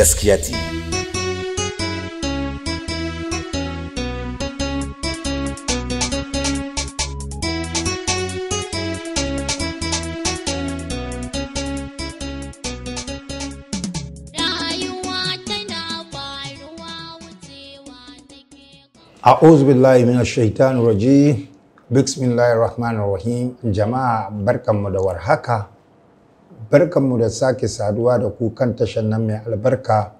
gaskiya ta yi a'udhu billahi minash shaitanu raji bismillahir rahmanir rahim jama'a barkanmu da warhaka barkanmu da sake saduwa da ku kan tashar nan mai albarka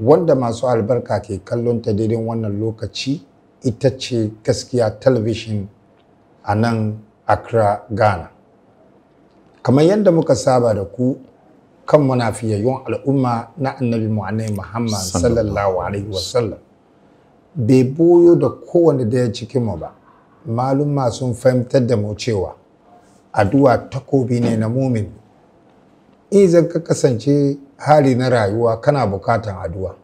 wanda masu albarka ke kallon ta daidai wannan lokaci ita ce gaskiya talabishin a nan accra ghana kamar yadda muka saba da ku kan munafiyayyun al'umma na annabi mu'anai muhammad sallallahu alaihi wasallam bai boyo da kowane daya mu ba malumma sun fahimtar da mu cewa addu'a takobi ne na mumin in zan ka kasance hali na rayuwa kana bukatan addu'a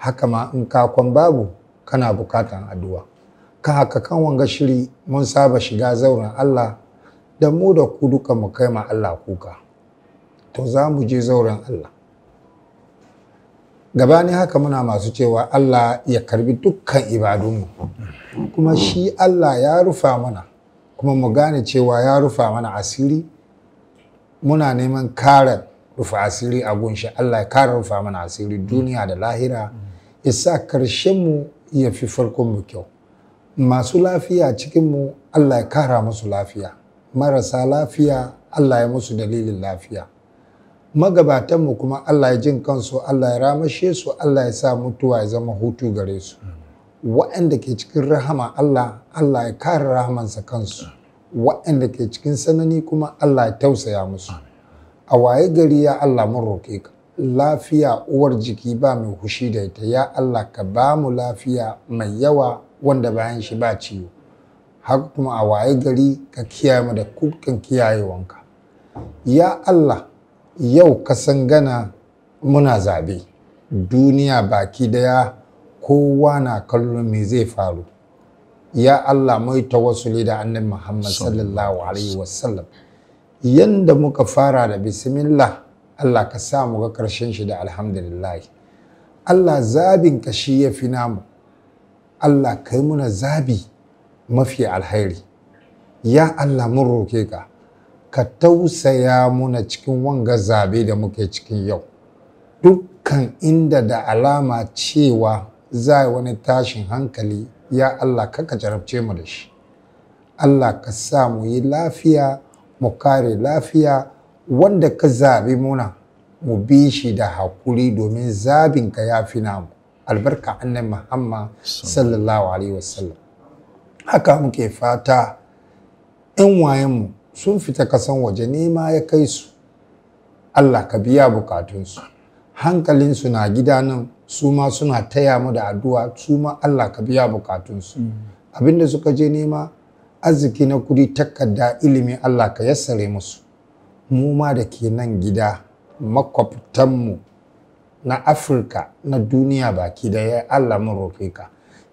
haka ma in ka kakon babu kana bukatan addu'a ka haka kan wanga shiri mun saba shiga zauren Allah da mu da ku duka mu kai ma Allah kuka to za mu je zauren Allah gabani haka muna masu cewa Allah ya karbi dukkan ibadunmu kuma shi Allah ya rufa mana kuma mu gane cewa ya rufa mana asiri muna neman kare rufa asiri a gunshi Allah ya kare rufa mana asiri duniya da lahira isa karshen mu ya fi farkon mu kyau masu lafiya cikin mu Allah ya kara musu lafiya marasa lafiya Allah ya musu dalilin lafiya Magabatanmu kuma Allah ya jin kansu Allah ya ramashe su Allah ya sa mutuwa ya zama hutu gare su waɗanda ke cikin rahama Allah Allah ya kare rahamansa kansu waɗanda ke cikin sanani kuma Allah ya tausaya musu a waye gari ya Allah mun roƙe ka lafiya uwar jiki ba mai hushi da ita ya Allah ka ba mu lafiya mai yawa wanda bayan shi ba ciwo Har kuma a waye gari ka kiyaye mu da kukan kiyayewanka ya Allah yau ka san gana muna zabe duniya baki daya kowa na kallon me zai faru ya Allah mai tawassuli da annabi Muhammad sallallahu alaihi wasallam yanda muka fara da bismillah Allah ka sa mu ga karshen shi da alhamdulillah Allah zabin ka ya fi namu Allah kai muna zabi mafi alhairi ya Allah mun roke ka ka tausaya muna cikin wanga zabe da muke cikin yau dukkan inda da alama cewa za wani tashin hankali ya Allah kaka jarabce mu da shi Allah ka sa mu yi lafiya mu kare lafiya wanda ka zabi muna mu bi shi da hakuri domin zabin ka ya fi namu albarka annabi Muhammad sallallahu alaihi wasallam haka muke fata in mu sun fita kasan waje nema ya kai su Allah ka biya bukatunsu hankalinsu na gida nan su ma suna taya mu da addu'a su ma Allah ka biya bukatunsu abinda suka je nema arziki na kudi takarda ilimi Allah ka yassare musu mu ma da ke nan gida mu na afirka na duniya baki da ya allah mun roƙe ka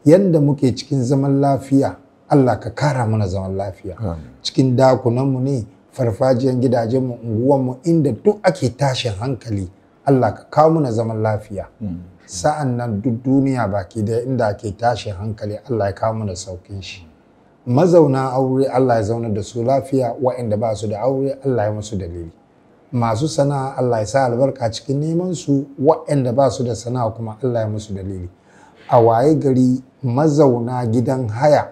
yanda muke cikin zaman lafiya allah ka kara mana zaman lafiya cikin mu ne farfajiyan gidajenmu unguwanmu inda duk ake tashin hankali allah ka kawo mana zaman lafiya mm. sa'an nan duk duniya baki daya inda ake tashi hankali Allah ya kawo mana saukin shi mazauna aure Allah ya zauna da su lafiya wa'inda ba su da aure Allah ya musu dalili masu sana'a Allah ya sa albarka cikin neman su wa'inda ba su da sana'a kuma Allah ya musu dalili a waye gari mazauna gidan haya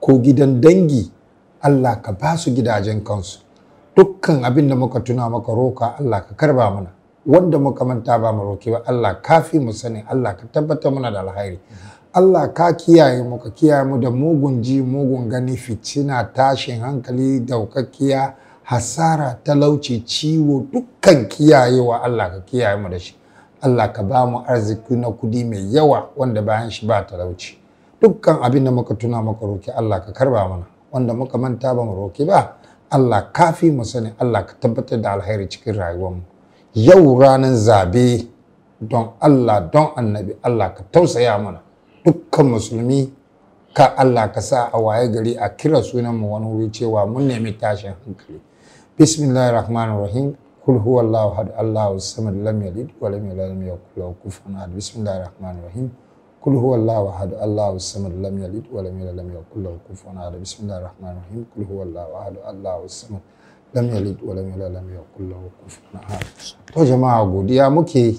ko gidan dangi Allah ka ba su gidajen kansu dukkan abin da muka tuna maka roka Allah ka karba mana wanda muka manta ba mu ba Allah kafi mu sani Allah ka tabbatar muna da alhairi Allah ka kiyaye mu ka kiyaye mu da mugun ji mugun gani fitina tashin hankali daukakkiya hasara talauci ciwo dukkan kiyayewa Allah ka kiyaye mu da shi Allah ka ba mu arziki na kudi mai yawa wanda bayan shi ba talauci dukkan abin da muka tuna muka roki Allah ka karba mana wanda muka manta ba mu roki ba Allah kafi mu sani Allah ka tabbatar da alheri cikin rayuwarmu yau ranar zabe don Allah don annabi Allah ka tausaya mana dukkan musulmi ka Allah ka sa a waye gari a kira sunan mu wani wuri cewa mun nemi tashin hankali bismillahir rahmanir rahim kul huwallahu ahad Allahu samad lam yalid wa lam yulad wa lam yakul lahu kufuwan ahad bismillahir rahmanir rahim kul huwallahu ahad Allahu samad lam yalid wa lam yulad wa lam yakul lahu kufuwan ahad bismillahir rahmanir rahim kul huwallahu ahad Allahu samad lam yalid wa lam yulad lam yakul lahu kufuwan ahad to jama'a godiya muke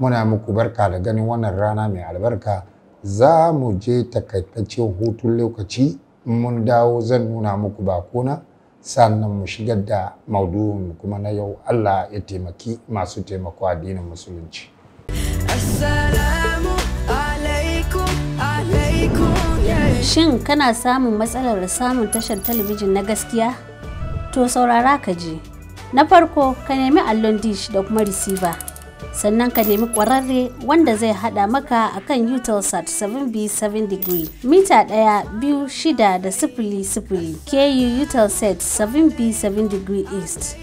muna muku barka da ganin wannan rana mai albarka za mu je takaitaccen hutun lokaci mun dawo zan nuna muku bakuna sannan mu shigar da maudu'in kuma na yau Allah ya taimaki masu taimako addinin musulunci shin kana samun matsalar samun tashar talabijin na gaskiya To saurara ka je. Na farko ka nemi allon dish da kuma receiver. Sannan ka nemi kwararre wanda zai hada maka akan Utelsat 7B7 degree mita ɗaya biyu shida da sifili sifili KU Utelsat 7B7 degree east.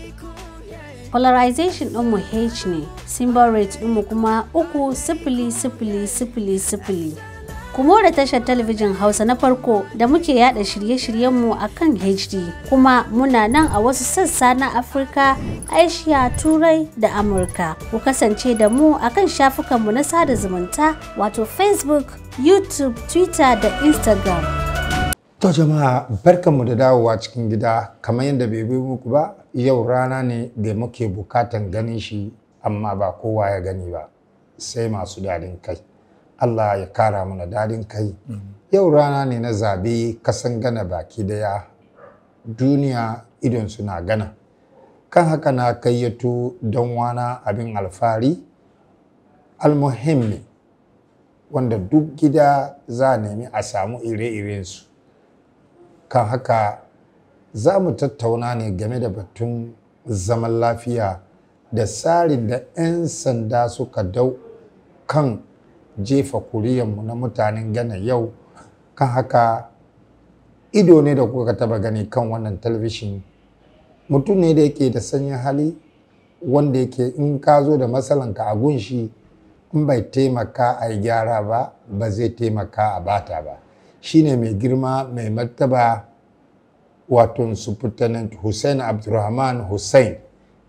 Polarization ɗinmu H ne, symbol rate ɗinmu kuma uku sifili sifili sifili sifili. kuma da tashar talabijin hausa na farko da muke yada shirye-shiryenmu a kan hd kuma muna nan a wasu sassa na afirka aishiya turai da amurka ku kasance da mu a kan shafukanmu na sada zumunta wato facebook youtube twitter da instagram to jama'a barkanmu da dawowa cikin gida kamar yadda bai bi muku ba yau rana ne da muke bukatan ganin shi amma ba kowa ya gani ba sai masu dadin kai Allah ya kara mana dadin kai yau rana ne na zabe kasan gana baki daya duniya idon suna gana kan haka na kayyato don wana abin alfari almuhimmi wanda duk gida za a nemi a samu ire iren su kan haka za mu tattauna ne game da batun zaman lafiya da tsarin da 'yan sanda suka dau kan jefa kuriyanmu na mutanen gana yau kan haka ido ne da kuka taba gani kan wannan talabishin mutum ne da yake da sanyin hali wanda yake in ka zo da matsalanka a gunshi in bai taimaka a yi gyara ba ba zai taimaka a bata ba shine mai girma mai martaba wato superintendent hussein abdulrahman hussein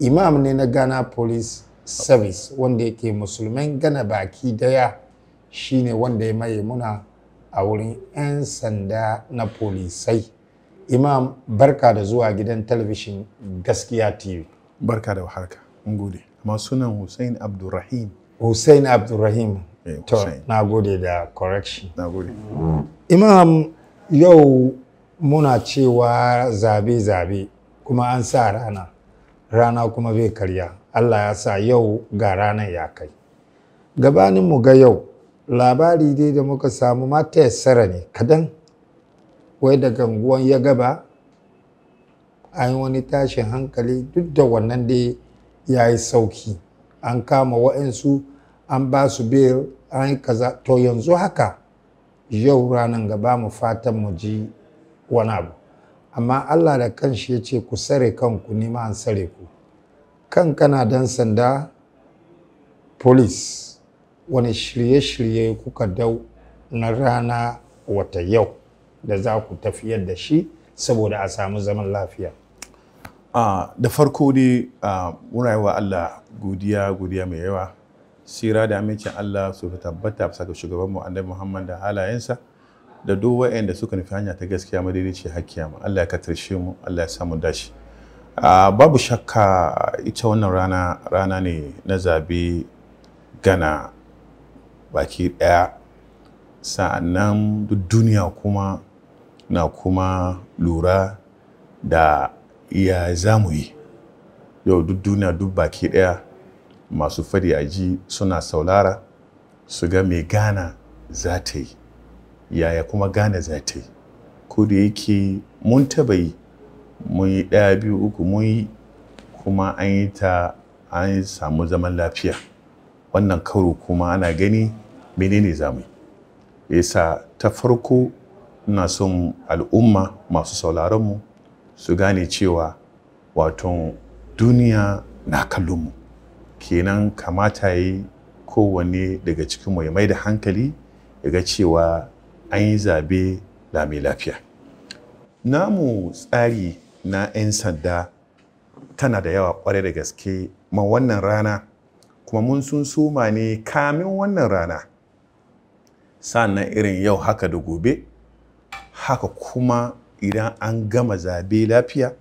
imam ne na ghana police service wanda yake musulman gana baki daya shine wanda ya maye muna a wurin 'yan sanda na polisai imam barka da zuwa gidan talabishin gaskiya tv barka da harka mun gode sunan hussein abdurrahim hussein abdurrahim eh, to na gode da correction na gode imam yau muna cewa zabe-zabe kuma an sa rana rana kuma bai karya allah ya sa yau ga ranar ya kai gabanin mu ga yau labari dai da muka samu mata tsara ne kadan wai da ganguwan ya gaba an wani tashin hankali duk da wannan dai ya yi sauki an kama wa'insu an ba su biyar an yi kaza to yanzu haka yau ranar gaba mu fatan mu ji wani abu amma allah da kanshi ya ce ku sare kanku nima an sare ku kan kana dan sanda police wani shirye-shirye kuka dau na rana wata yau da za ku tafiyar da shi saboda a samu zaman lafiya da farko ne, muna yi wa Allah godiya godiya mai yawa sira da amincin Allah su fi tabbata bisa ga mu annabi Muhammad da halayensa da duk da suka nufi hanya ta gaskiya madaidaici hakkiya mu Allah ya katarshe mu Allah ya samu dashi babu shakka ita wannan rana rana ne na zabe gana baki ɗaya sa'annan duk duniya kuma na kuma lura da iya za mu yi yau duk duniya duk baki ɗaya masu fadi a ji suna saulara su ga mai gana za ta yi yaya kuma gane za ta yi ko da yake mun taba yi mun yi ɗaya biyu uku mun yi kuma an yi ta an samu zaman lafiya wannan karo kuma ana gani menene zamu yasa ta farko ina son al'umma masu sauraronmu su gane cewa wato duniya na kallon mu, kenan kamata yi kowanne daga cikinmu ya mai da hankali ya ga cewa an yi zabe lami lafiya namu tsari na 'yan sanda tana da yawa kwarai da gaske ma wannan rana kuma mun sun suma ne kamin wannan rana sannan irin yau haka da gobe haka kuma idan an gama zabe lafiya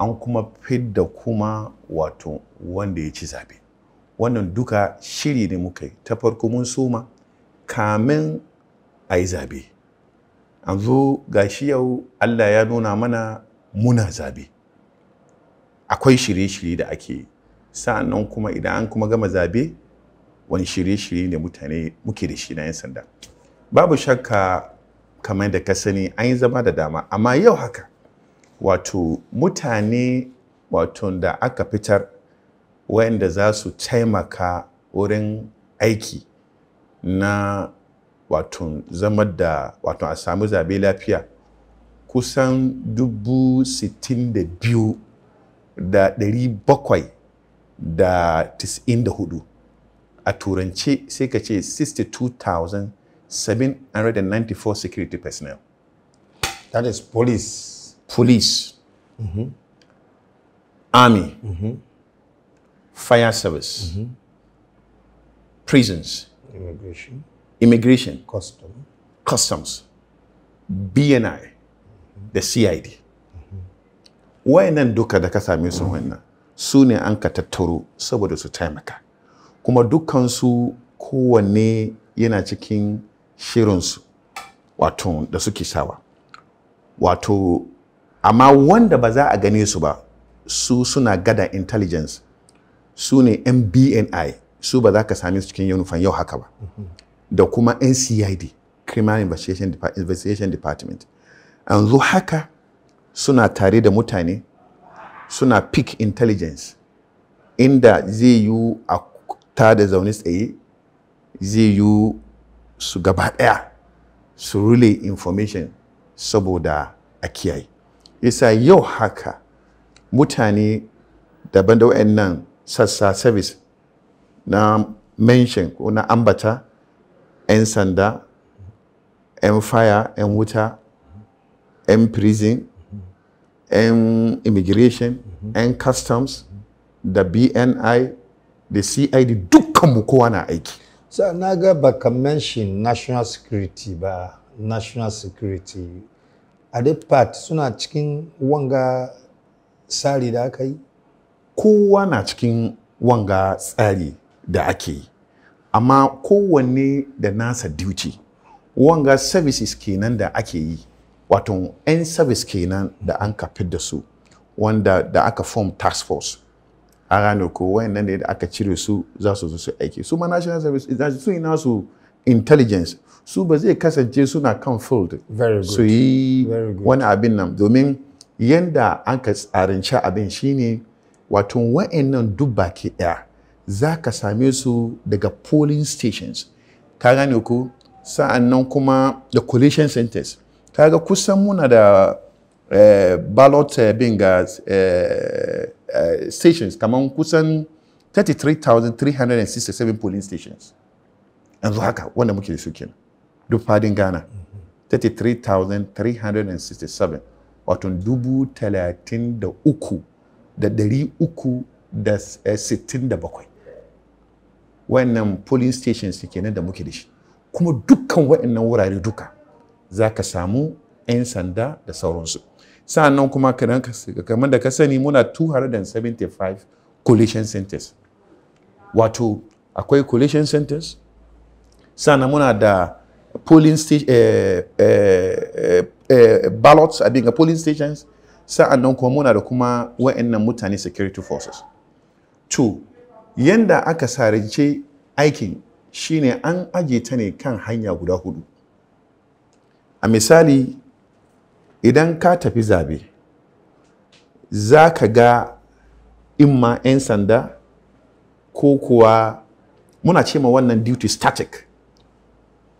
an kuma fidda kuma wato wanda ya ci zabe wannan duka shiri ne muka yi ta farko mun suma kamin a yi zabe an zo ga shi yau allah ya nuna mana muna zabe akwai shirye-shirye da ake yi sa'annan kuma idan an kuma gama zabe wani shirye-shirye ne mutane muke da shi na 'yan sanda babu shakka kamar da ka sani an yi zama da dama amma yau haka wato mutane wato da aka fitar wayanda za su taimaka wurin aiki na wato zama da wato a samu zabe lafiya kusan dubu sittin da biyu da ɗari bakwai da 94 a turance sai ka ce 62,794 security personnel. That is police. Police. Mm -hmm. Army. Mm -hmm. Fire service. Mm -hmm. Prisons. Immigration. Immigration. Custom. Customs. BNI. Mm -hmm. The CID. Mm -hmm. Wayannan duka da ka same su wannan. su ne an ka tattaro saboda su taimaka kuma dukkansu kowanne yana cikin shirinsu wato da suke sawa wato amma wanda ba za a gane su ba su suna gada intelligence su ne mbni su ba za ka same su cikin uniform yau haka ba da kuma ncid criminal investigation, department investigation department yanzu haka suna tare da mutane suna peak intelligence inda zai yi a ta da zaune tsaye zai yi su gaba ɗaya su rule information saboda a kiyaye yasa yau haka mutane daban da nan sassa service na mention ko na ambata 'yan sanda 'yan fire 'yan wuta 'yan prison 'yan immigration 'yan mm-hmm. customs da bni da cid mu kowa na aiki so na ga baka mention national security ba national security a part suna cikin wanga tsari da aka yi kowa na cikin wanga tsari da ake yi amma kowanne da nasa duty wanga services kenan da ake yi wato 'yan service kenan da an kafin da su wanda da aka form task force a ranar ko wayannan ne da aka cire su za su zo su aiki su ma national service za su yi nasu intelligence su ba zai kasance suna kan field su yi wani abin nan domin yanda an ka tsarince abin shine wato wayannan duk baki ɗaya za ka same su daga polling stations ka gane ko sa'an nan kuma da collation centers kaga kusan muna da eh, ballot eh, eh, eh, stations kamar kusan 33,367 polling stations yanzu haka wanda muke da suke kenan duk fadin ghana 33,367 wato dubu talatin da uku da dari uku da eh, sittin da bakwai wannan polling stations kenan da muke da shi kuma dukkan waɗannan wurare duka za ka samu 'yan sanda da sauransu sa'annan kuma kamar da ka sani muna 275 collision centers wato akwai collision centers sannan muna da polling station eh, eh, eh, ballots a dinga polling stations sa'annan kuma muna da kuma wa'annan mutane security forces to yanda aka sarance aikin shine an aje ta ne kan hanya guda hudu a misali idan ka tafi zabe za ka ga imma 'yan sanda ko kuwa muna ce ma wannan duty static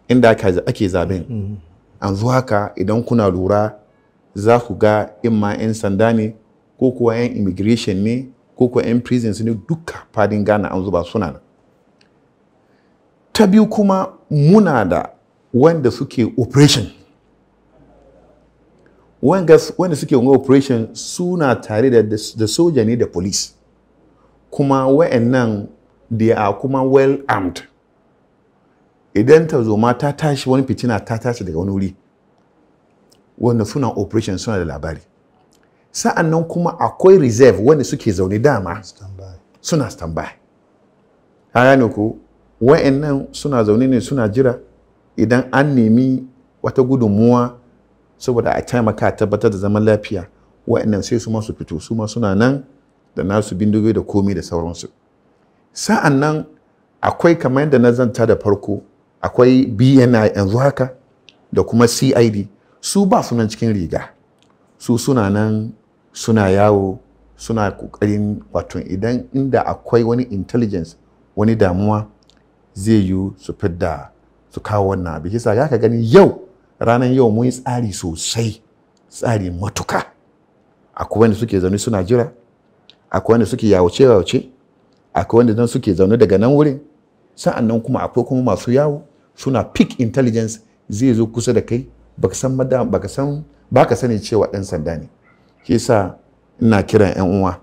inda ake zaben mm-hmm. an zuwa haka idan kuna lura za ku ga imma 'yan sanda ne ko kuwa 'yan immigration ne ko kuwa 'yan prisons ne duka fadin gana an zuba suna nan ta biyu kuma muna da wanda suke operation wanda suke wani operation suna tare da soja ne da police kuma wa'annan they are kuma well armed idan ta ma ta tashi wani fitina ta tashi daga wani wuri wanda suna operation suna da labari sa'an nan kuma akwai reserve wanda suke zaune dama suna standby ka gane ko wa'annan suna zaune ne suna jira idan an nemi wata gudunmuwa saboda a taimaka tabbatar da zaman lafiya wa'annan sai su masu fito su masu suna nan da nasu bindigo da komai da sauransu sa'an nan akwai kamar yadda na zanta da farko akwai bni yanzu haka da kuma cid su ba su nan cikin riga su suna nan suna yawo suna kokarin wato idan inda akwai wani intelligence wani damuwa zai yi su fidda su kawo wannan abu ya ka gani yau ranar yau mun yi tsari sosai tsari matuka akwai wanda suke zaune suna jira akwai wanda suke yawace yawace akwai wanda nan suke zaune daga nan wurin sa'an nan kuma akwai kuma masu yawo suna peak intelligence zai zo kusa da kai baka san baka san baka sani cewa ɗan sanda ne shi sa ina kiran yan uwa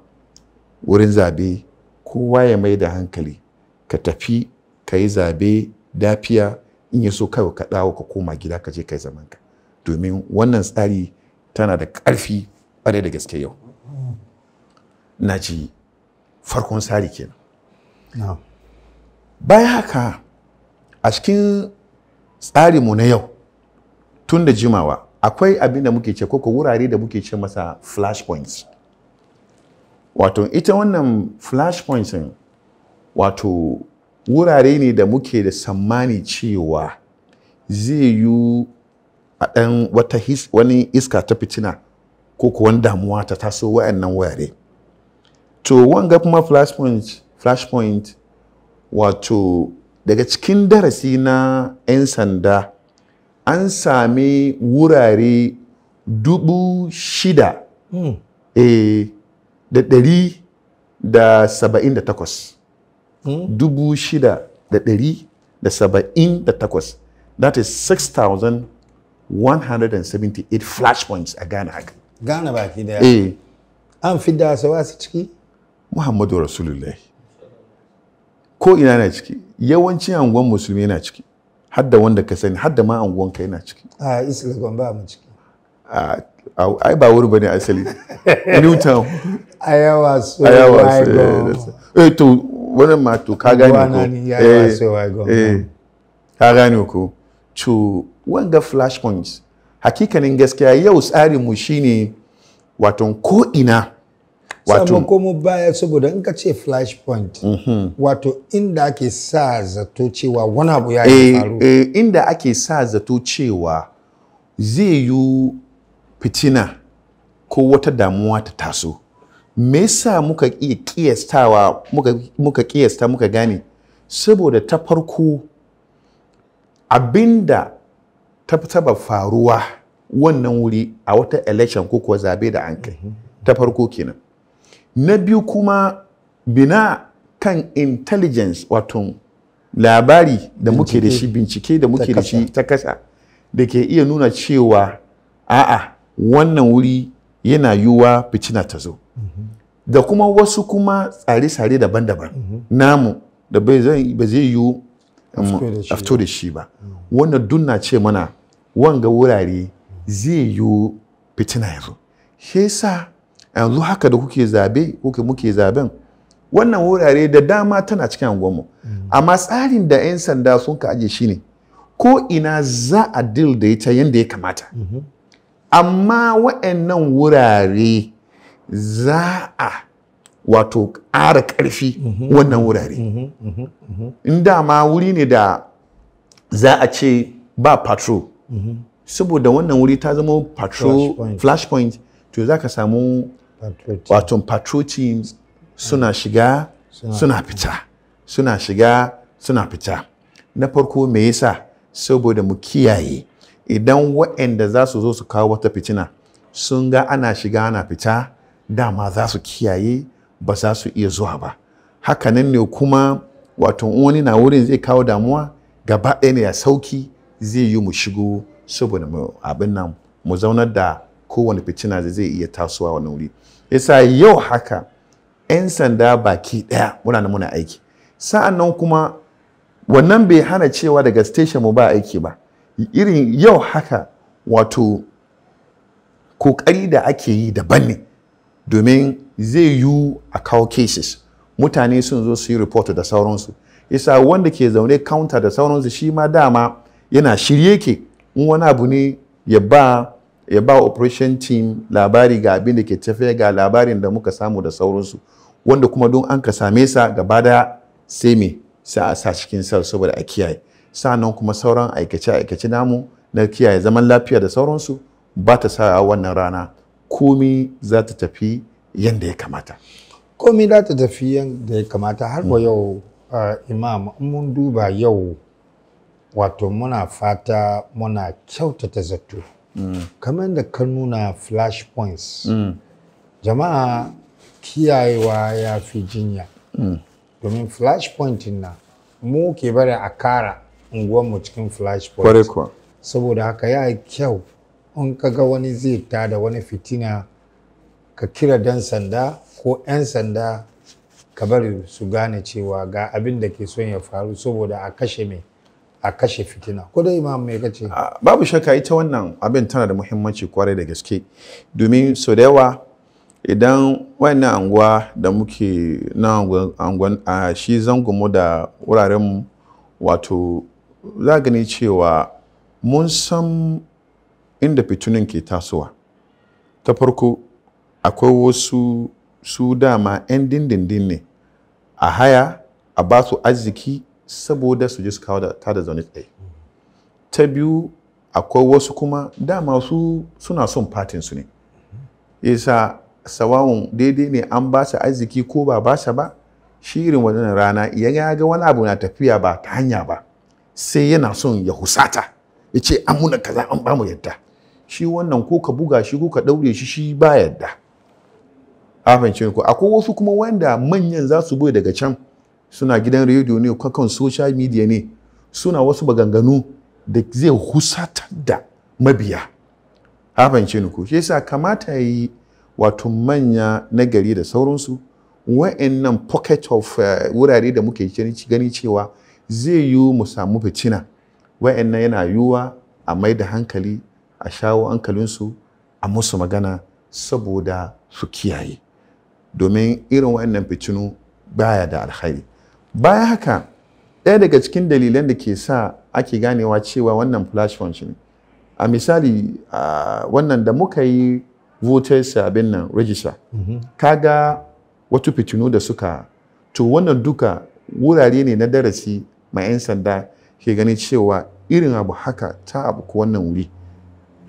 wurin zabe kowa ya mai da hankali ka tafi ka yi zabe dafiya in ya so kawai ka dawo ka koma gida ka je kai zaman ka domin wannan tsari tana da ƙarfi ƙwarai da gaske yau na ji farkon tsari kenan baya haka a cikin tsari mu na yau tun da jimawa akwai abin da muke ce koko wurare da muke ce masa flashpoints wato ita wannan flashpoints wato wurare ne da muke da sammani cewa zai yi a ɗan wata wani iska ta fitina ko kuwa damuwa ta taso wa'annan wurare to wanga kuma flashpoint flashpoint wato daga cikin darasi na 'yan sanda an sami wurare dubu shida mm. da ɗari da saba'in da takwas dubu shida da ɗari da saba'in da takwas that is 6,178 flash points a Ghana haka. Ghana baki daya? Eh. An fidda da wasu ciki? Muhammadu Rasulullahi. Ko ina na ciki, yawanci anguwan musulmi yana ciki, hadda wanda ka sani, hadda ma anguwan ka yana ciki. A East Legon ba mu ciki. Ai ba wuri bane asali. New town. Ayawa so. Ayawa so. Eh, eh to Wani mato ka gani ko eh, eh, ka gani ko to wanga flash points hakikanin gaskiya yau tsarin mu shine wato ko ina wato ko mu baya saboda in ka ce flash point mhm. wato inda ake sa zato cewa wani abu ya yi eh, faru inda ake sa zato cewa zai yi fitina ko wata damuwa ta taso me yasa muka iya kiyastawa muka kiyasta muka gane saboda ta farko abinda ta taba faruwa wannan wuri a wata election ko kuwa zabe da an kai ta farko kenan na biyu kuma bina kan intelligence wato labari da muke da shi bincike da muke da shi ta kasa da ke iya nuna cewa a'a wannan wuri yana yiwuwa fitina ta zo da kuma wasu kuma tsare-tsare daban-daban namu da ba zai yiwu afto da shi ba wannan dunna ce mana wanga wurare zai yiwu fitina ya zo shi yanzu haka da kuke zabe kuke muke zaben wannan wurare da dama tana cikin anguwanmu amma tsarin da 'yan sanda sun ka aje shi ne ko ina za a dil da ita yadda ya kamata amma wa'annan wurare za a wato ƙara ƙarfi mhm. wannan wurare mhm. Mhm. in dama wuri ne da za a ce ba patrol saboda wannan wuri ta zama patrol flashpoint to za ka samu wato patrol teams suna ah. shiga suna fita suna shiga suna fita na farko me yasa saboda mu kiyaye idan waɗanda za su zo su kawo wata fitina sun ga ana shiga ana fita dama za su kiyaye ba za su iya zuwa ba hakanan ne kuma wato wani na wurin zai kawo damuwa gaba ɗaya ne ya sauki zai yi mu shigo saboda abin nan mu zaunar da kowane fitina zai iya tasowa wani wuri yasa yau haka 'yan sanda baki ɗaya muna muna aiki sa'an nan kuma wannan bai hana cewa daga station mu ba aiki ba irin yau haka wato kokari da ake yi daban ne domin zai yi a kawo cases mutane sun zo su yi report da sauransu isa wanda ke zaune counter da sauransu shi ma dama yana shirye ke in wani abu ne ya ba ba operation team labari ga abin da ke tafiya ga labarin da muka samu da sauransu wanda kuma don an ka same sa gaba daya sai me sa a sa cikin sel saboda a kiyaye sa'annan kuma sauran aikace-aikace namu na kiyaye zaman lafiya da sauransu ba ta sa wannan rana komi za ta tafi yadda ya kamata komi za ta tafi yadda ya kamata har ba mm. yau imam mun duba yau wato muna fata muna kyautata zato mm. kamar da ka nuna flash points mm. jama'a kiyayewa ya fi jinya domin flash point na mu ke bari a kara mu cikin flashpoint saboda haka ya yi kyau in ka ga wani zai ta da wani fitina ka kira dan sanda ko 'yan sanda ka bari su gane cewa ga abin da ke son ya faru saboda a kashe mai a kashe fitina ko dai imam mai kace babu shakka ita wannan abin tana da muhimmanci kwarai da gaske domin so da yawa idan wannan anguwa da muke na anguwa shi zangonmu da wuraren wato za gani cewa mun san inda fitunin ke tasowa ta farko akwai wasu su dama 'yan dindindin ne a haya a ba su arziki saboda su ji su kawo ta da zaune tsaye ta biyu akwai wasu kuma dama su suna son fatinsu ne yasa sawawun daidai ne an ba su arziki ko ba ba ba Shirin irin rana ya ga wani abu na tafiya ba ta hanya ba sai yana son ya husata ya ce an muna kaza an ba mu yadda shi wannan ko ka buga shi ko ka daure shi shi ba yadda a ko akwai wasu kuma wanda manyan za su bai daga can suna gidan rediyo ne kan social media ne suna wasu baganganu da zai husatar da mabiya a ku, ko shi yasa kamata yi wato manya na gari da sauransu wa'annan pocket of eh, wurare da muke gani cewa zai yiwu mu samu fitina wa'annan yana yiwuwa a mai da hankali a shawo hankalinsu a musu magana saboda su kiyaye domin irin wa'annan fitinu baya da alkhairi bayan haka ɗaya daga cikin dalilan da ke sa ake ganewa cewa wannan flash function a misali uh, wannan da muka yi voters abin nan register mm -hmm. kaga wata fitinu da suka to wannan duka wurare ne na darasi mai 'yan sanda ke ganin cewa irin abu haka ta abu ku wannan wuri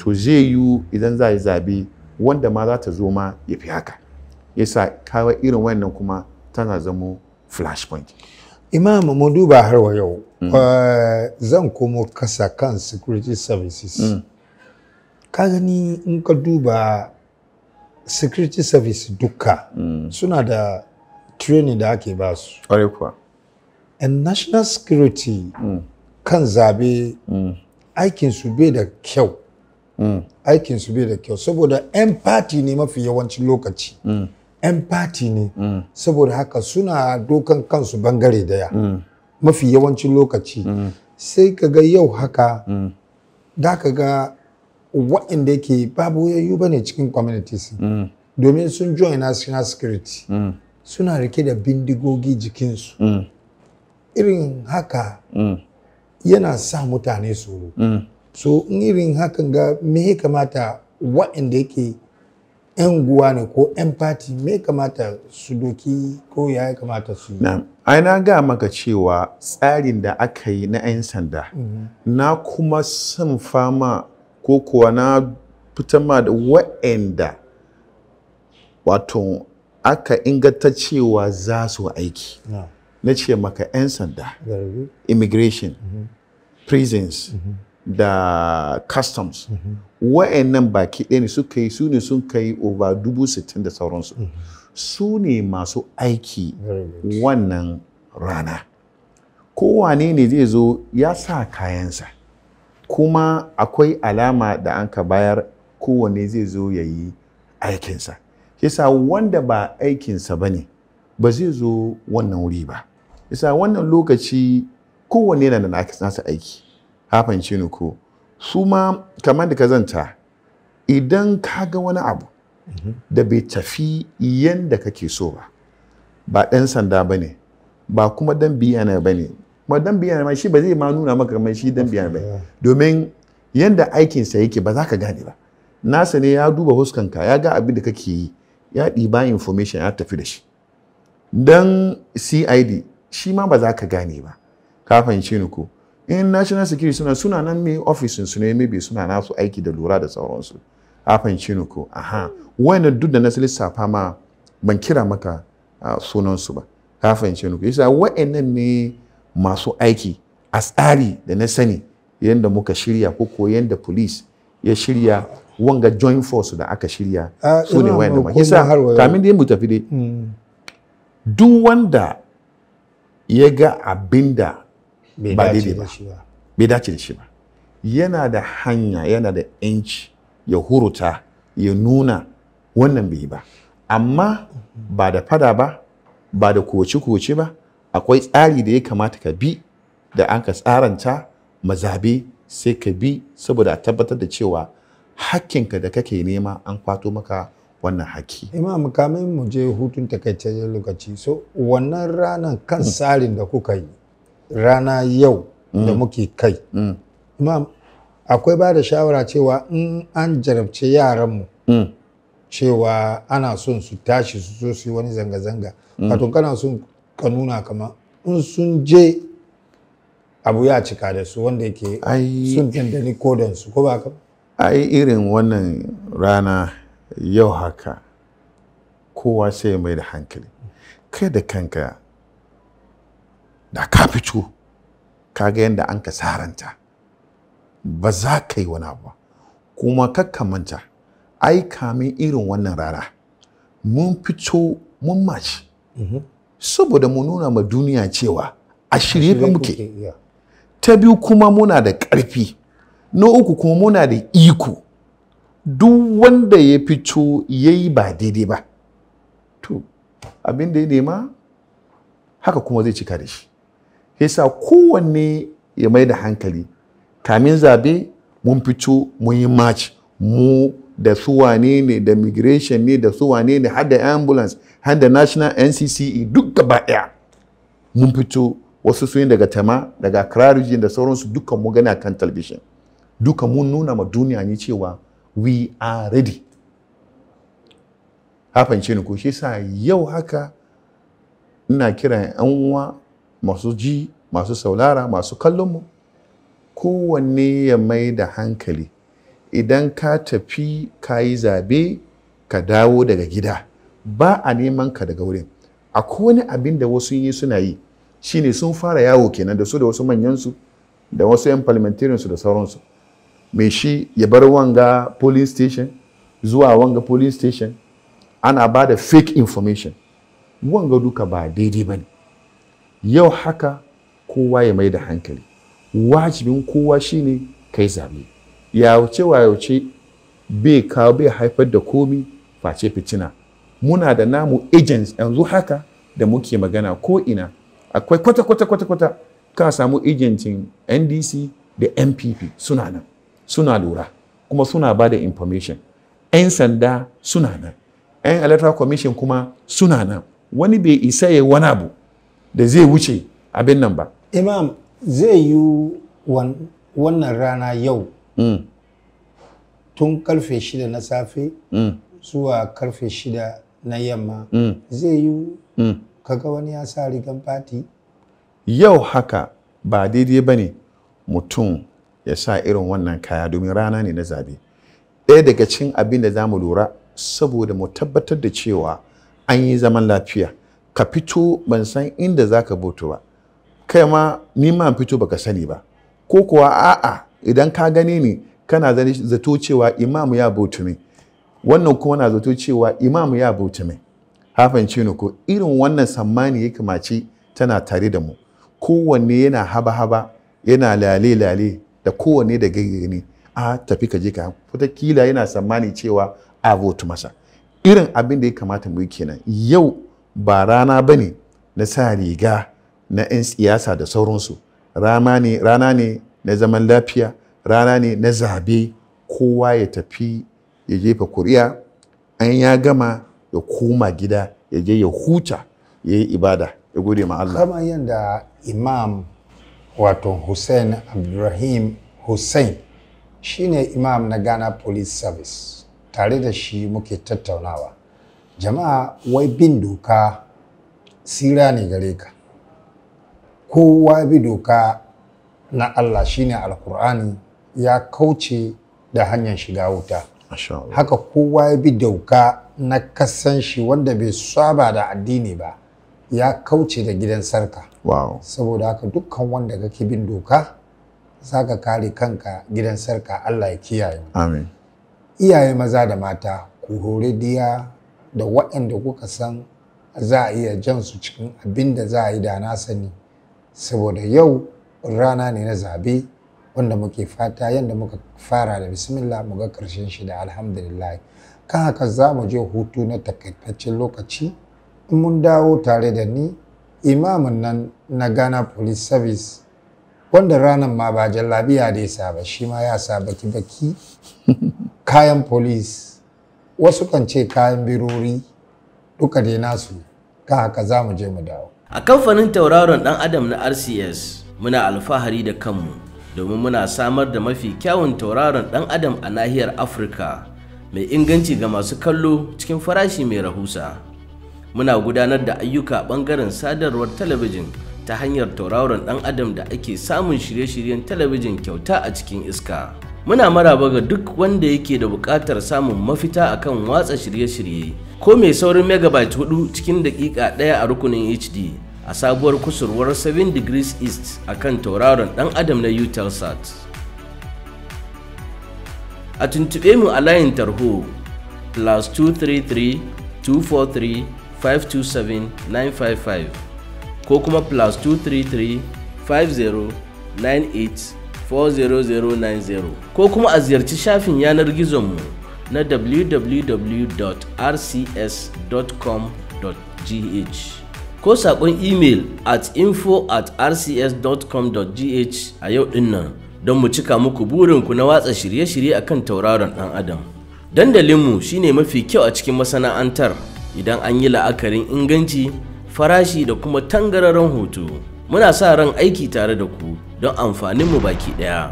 to zai yiwu idan za yi zabe wanda ma za ta zo ma ya fi haka yasa kawai irin wannan kuma tana zamo flashpoint imam mu duba har wa yau mm. eh, zan komo kasa kan security services mm. ka gani in ka duba security service duka mm. suna da training da ake ba su 'yan national security mm. kan zabe mm. aikinsu bai da kyau mm. aikinsu bai da kyau saboda 'yan party ne mafi yawancin lokaci 'yan party ne saboda haka suna dokan kansu bangare daya mafi yawancin lokaci sai ka ga yau haka da ka ga waɗanda yake babu yayyu ba ne cikin communities domin sun join national security suna rike da bindigogi jikinsu irin haka mm. yana sa mutane su mm. so in irin hakan ga me ya kamata waɗanda yake 'yan guwa ne ko 'yan fati me ya kamata su doki ko ya kamata su yi? ai na ga maka cewa tsarin da aka yi na 'yan sanda mm-hmm. na kuma son fama ko kuwa na fitar ma da wa'anda wato aka inganta cewa za su aiki. yeah. na ce maka 'yan sanda immigration prisons da customs wa'annan baki ɗaya ne suka yi su ne sun kai over dubu sittin da sauransu su ne masu aiki wannan rana kowane ne zai zo ya sa kayansa kuma akwai alama da an ka bayar kowane zai zo ya yi aikinsa yasa wanda ba aikinsa ba ne ba zai zo wannan wuri ba isa wannan lokaci kowanne yana da nasa aiki hafan ni ko su ma kamar da ka zanta idan ka ga wani abu da bai tafi yadda kake so ba ba ɗan sanda ba ne ba kuma dan biyana ba ne kuma dan biyana ma shi ba zai ma nuna maka kamar shi dan biyana ba domin yadda aikinsa yake ba za ka gane ba nasa ne ya duba huskanka ya ga abin da kake yi ya ɗiba information ya tafi da shi dan cid shi ma ba za ka gane ba ka fahimci ni ko in national security suna suna nan mai ofisin su ne maybe suna nasu aiki da lura da sauransu ka fahimci ni ko aha wani duk da na lissafa ma ban kira maka sunansu ba ka fahimci ni ko yasa wa'annan ne masu aiki a tsari da na sani yadda muka shirya ko ko yadda police ya shirya wanga joint force da aka shirya su ne wayan da ma yasa kamin da mu tafi dai mm. duk wanda ya ga abin da ba daidai ba bai dace da shi ba yana da hanya yana da yanci ya huruta ya nuna wannan bai ba amma ba da fada ba ba da koce-koce ba akwai tsari da ya kamata ka bi da an ka tsaranta mazabe sai ka bi saboda a tabbatar da cewa hakkinka da kake nema an kwato maka wannan haki. Imam kamin mu je hutun takaitaccen lokaci so wannan ranar kan mm. tsarin da kuka yi rana yau da mm. muke kai. Mm. Imam akwai ba da shawara cewa in an jarabce mu cewa ana son su tashi su zo su yi wani zanga-zanga. Wato kana son ka nuna kamar in sun je abu ya cika da su wanda yake sun dandani kodansu ko ba ka? Ai irin wannan rana yau haka kowa sai mai da hankali kai da kanka da ka fito ka ga yadda an ka saranta ba za ka yi wani abu kuma manta ai kamin irin wannan rara. mun fito mun maci mhm. saboda mu nuna ma duniya cewa a shirye da muke ta biyu kuma muna da ƙarfi na uku kuma muna da iko duk wanda ya fito ya yi ba daidai ba to abin da ya nema haka kuma zai cika da shi yasa kowanne ya mai da hankali kamin zabe mun fito mun yi march mu da su ne da migration ne da su wane ne har da ambulance har da national ncce duk gaba ɗaya mun fito wasu sun daga tama daga kirarijin da sauransu dukkan mu gani akan talbishin duka mun nuna ma duniya ne cewa we are ready ce ni ko shi sa yau haka ina kiran yan uwa masu ji masu saulara masu kallonmu kowanne ya mai da hankali idan ka tafi ka yi zabe ka dawo daga gida ba a neman ka daga wurin akwai wani abin da wasu yi suna yi shine sun fara yawo kenan da su da wasu manyansu da wasu 'yan su da sauransu mai shi ya bar wanga police station zuwa wanga police station ana ba da fake information wanga duka ba daidai ba ne yau haka kowa ya mai da hankali wajibin kowa shine kai zabe Ya wuce yauce wuce bai kawo bai haifar da komi face fitina muna da namu agents yanzu haka da muke magana ko ina akwai kwata-kwata-kwata ka samu agentin ndc da npp suna nan suna lura kuma suna ba da information 'yan sanda suna nan 'yan electoral commission kuma suna nan wani bai isa ya wani abu da zai wuce abin nan ba imam zai yi wannan rana yau mm. tun karfe shida na safe mm. zuwa karfe shida na yamma mm. zai yi mm. kaga wani ya sa rigar fati yau haka ba daidai ba ne mutum ya sa irin wannan kaya domin rana ne na zabe ɗaya daga cin abin da za mu lura saboda mu tabbatar da cewa an yi zaman lafiya ka fito ban san inda za ka boto ba kai ma ni ma fito baka sani ba ko kuwa a'a idan ka gani ni kana zato cewa imam ya boto min wannan kuma na zato cewa imam ya boto min hafan ce ko irin wannan sammani ya kamace tana tare da mu kowanne yana haba-haba yana lale-lale da kowane da gani a tafi ka je ka wataƙila yana tsammani cewa a vote masa irin abin da ya kamata mu yi kenan yau ba rana ba ne na sa riga na 'yan siyasa da sauransu rana ne na zaman lafiya rana ne na zabe kowa ya tafi ya jefa kuri'a an ya gama ya koma gida ya je ya huta ya yi ibada ya gode ma Allah kamar yadda imam wato hussein abdulrahim hussein shine imam na ghana police service tare da shi muke tattaunawa jama'a wai bin doka sira ne gare ka kowa bi doka na allah shine alkur'ani ya kauce da hanyar shiga wuta haka kowa ya bi doka na kasan shi wanda bai saba da addini ba ya kauce da gidan sarka wow. saboda haka dukkan wanda kake bin doka za ka kare kanka gidan sarka allah ya kiyaye amin iyaye maza da mata ku hore diya da waɗanda kuka san za a iya jan su cikin abin da za a yi da na sani saboda yau rana ne na zabe wanda muke fata yadda muka fara da bismillah muga karshen ƙarshen shi da alhamdulillah kan haka za mu je hutu na takaitaccen lokaci mun dawo tare da ni imamin nan na ghana police service wanda ranar ma ba jallabiya da ya saba shi ma ya sa baki-baki kayan police wasu kan ce kayan birori duka dai nasu ka haka za mu je mu dawo a kamfanin tauraron dan adam na rcs muna alfahari da kanmu domin muna samar da mafi kyawun tauraron dan adam a nahiyar afirka mai inganci ga masu kallo cikin farashi mai rahusa muna gudanar da ayyuka ɓangaren sadarwar talabijin ta hanyar tauraron ɗan adam da ake samun shirye-shiryen talabijin kyauta a cikin iska muna maraba ga duk wanda yake da buƙatar samun mafita akan watsa shirye-shirye ko mai saurin megabyte hudu cikin daƙiƙa ɗaya a rukunin hd a sabuwar kusurwar 7 degrees east akan tauraron ɗan adam na utelsat a tuntuɓe mu a layin tarho plus 233 243 527-955 ko kuma plus 233-5098-40090 ko kuma a ziyarci shafin yanar gizonmu na www.rcs.com.gh ko saƙon imel at info at rcs.com.gh a yau ɗin nan don mu cika muku burinku na watsa shirye-shirye kan tauraron ɗan adam dandalinmu shine mafi kyau a cikin masana'antar idan an yi la'akarin inganci farashi da kuma tangararren hoto muna sa ran aiki tare da ku don amfaninmu baki ɗaya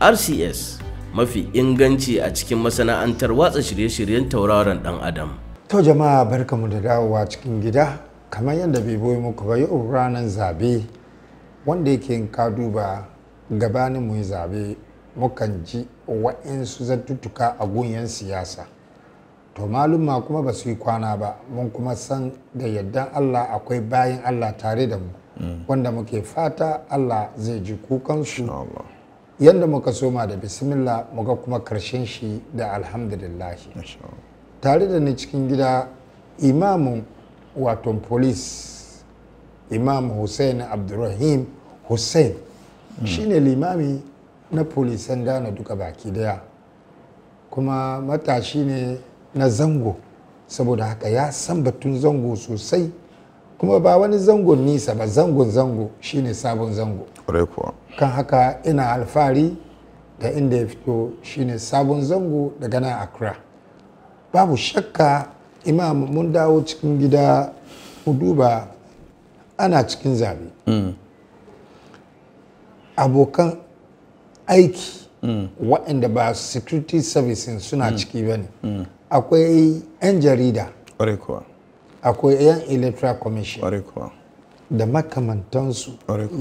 rcs mafi inganci a cikin masana'antar watsa shirye-shiryen tauraron dan adam to jama'a barkamu da dawowa cikin gida kamar yadda bai boye muku ba yau ranar zabe wanda yake in ka duba gabanin mu zabe mukan ji wa'insu zantuttuka a gunyen siyasa to malumma kuma ba su yi kwana ba mun kuma san da yaddan Allah akwai bayan Allah tare da mu wanda muke fata Allah zai ji kukansu yadda muka soma da bismillah muka kuma karshen shi da alhamdulillah tare da ni cikin gida imamun wato polis imam hussein abdurrahim hussein hmm. shi shine limami na polisan gane duka baki daya kuma matashi ne na zango saboda haka ya san batun zango sosai kuma ba wani zangon nisa ba zangon zango shine sabon zango kan haka ina alfahari da inda ya fito shine sabon zango daga nan accra babu shakka imam mun dawo cikin gida mu duba ana cikin zabe mm. abokan aiki mm. waɗanda ba security services suna mm. ciki ba ne mm. akwai 'yan jarida akwai 'yan electoral commission da makamantansu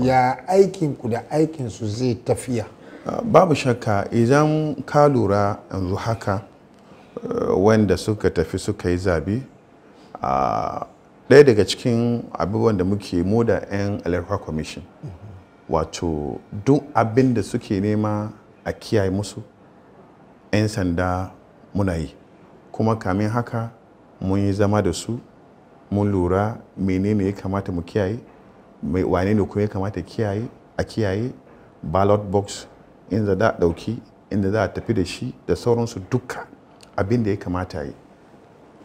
ya aikinku da aikinsu zai tafiya ah, babu shakka idan ka lura yanzu haka eh, wanda suka tafi suka yi zabe ah, ɗaya daga cikin abubuwan da muke mu da 'yan electoral commission mhm. wato duk abin da suke nema a kiyaye musu 'yan sanda muna yi kuma kamin haka mun yi zama da su mun lura menene ya kamata mu kiyaye wane ne kuma ya kamata kiyaye a kiyaye ballot box inda za a ɗauki inda za a tafi da shi da sauransu duka abinda ya kamata yi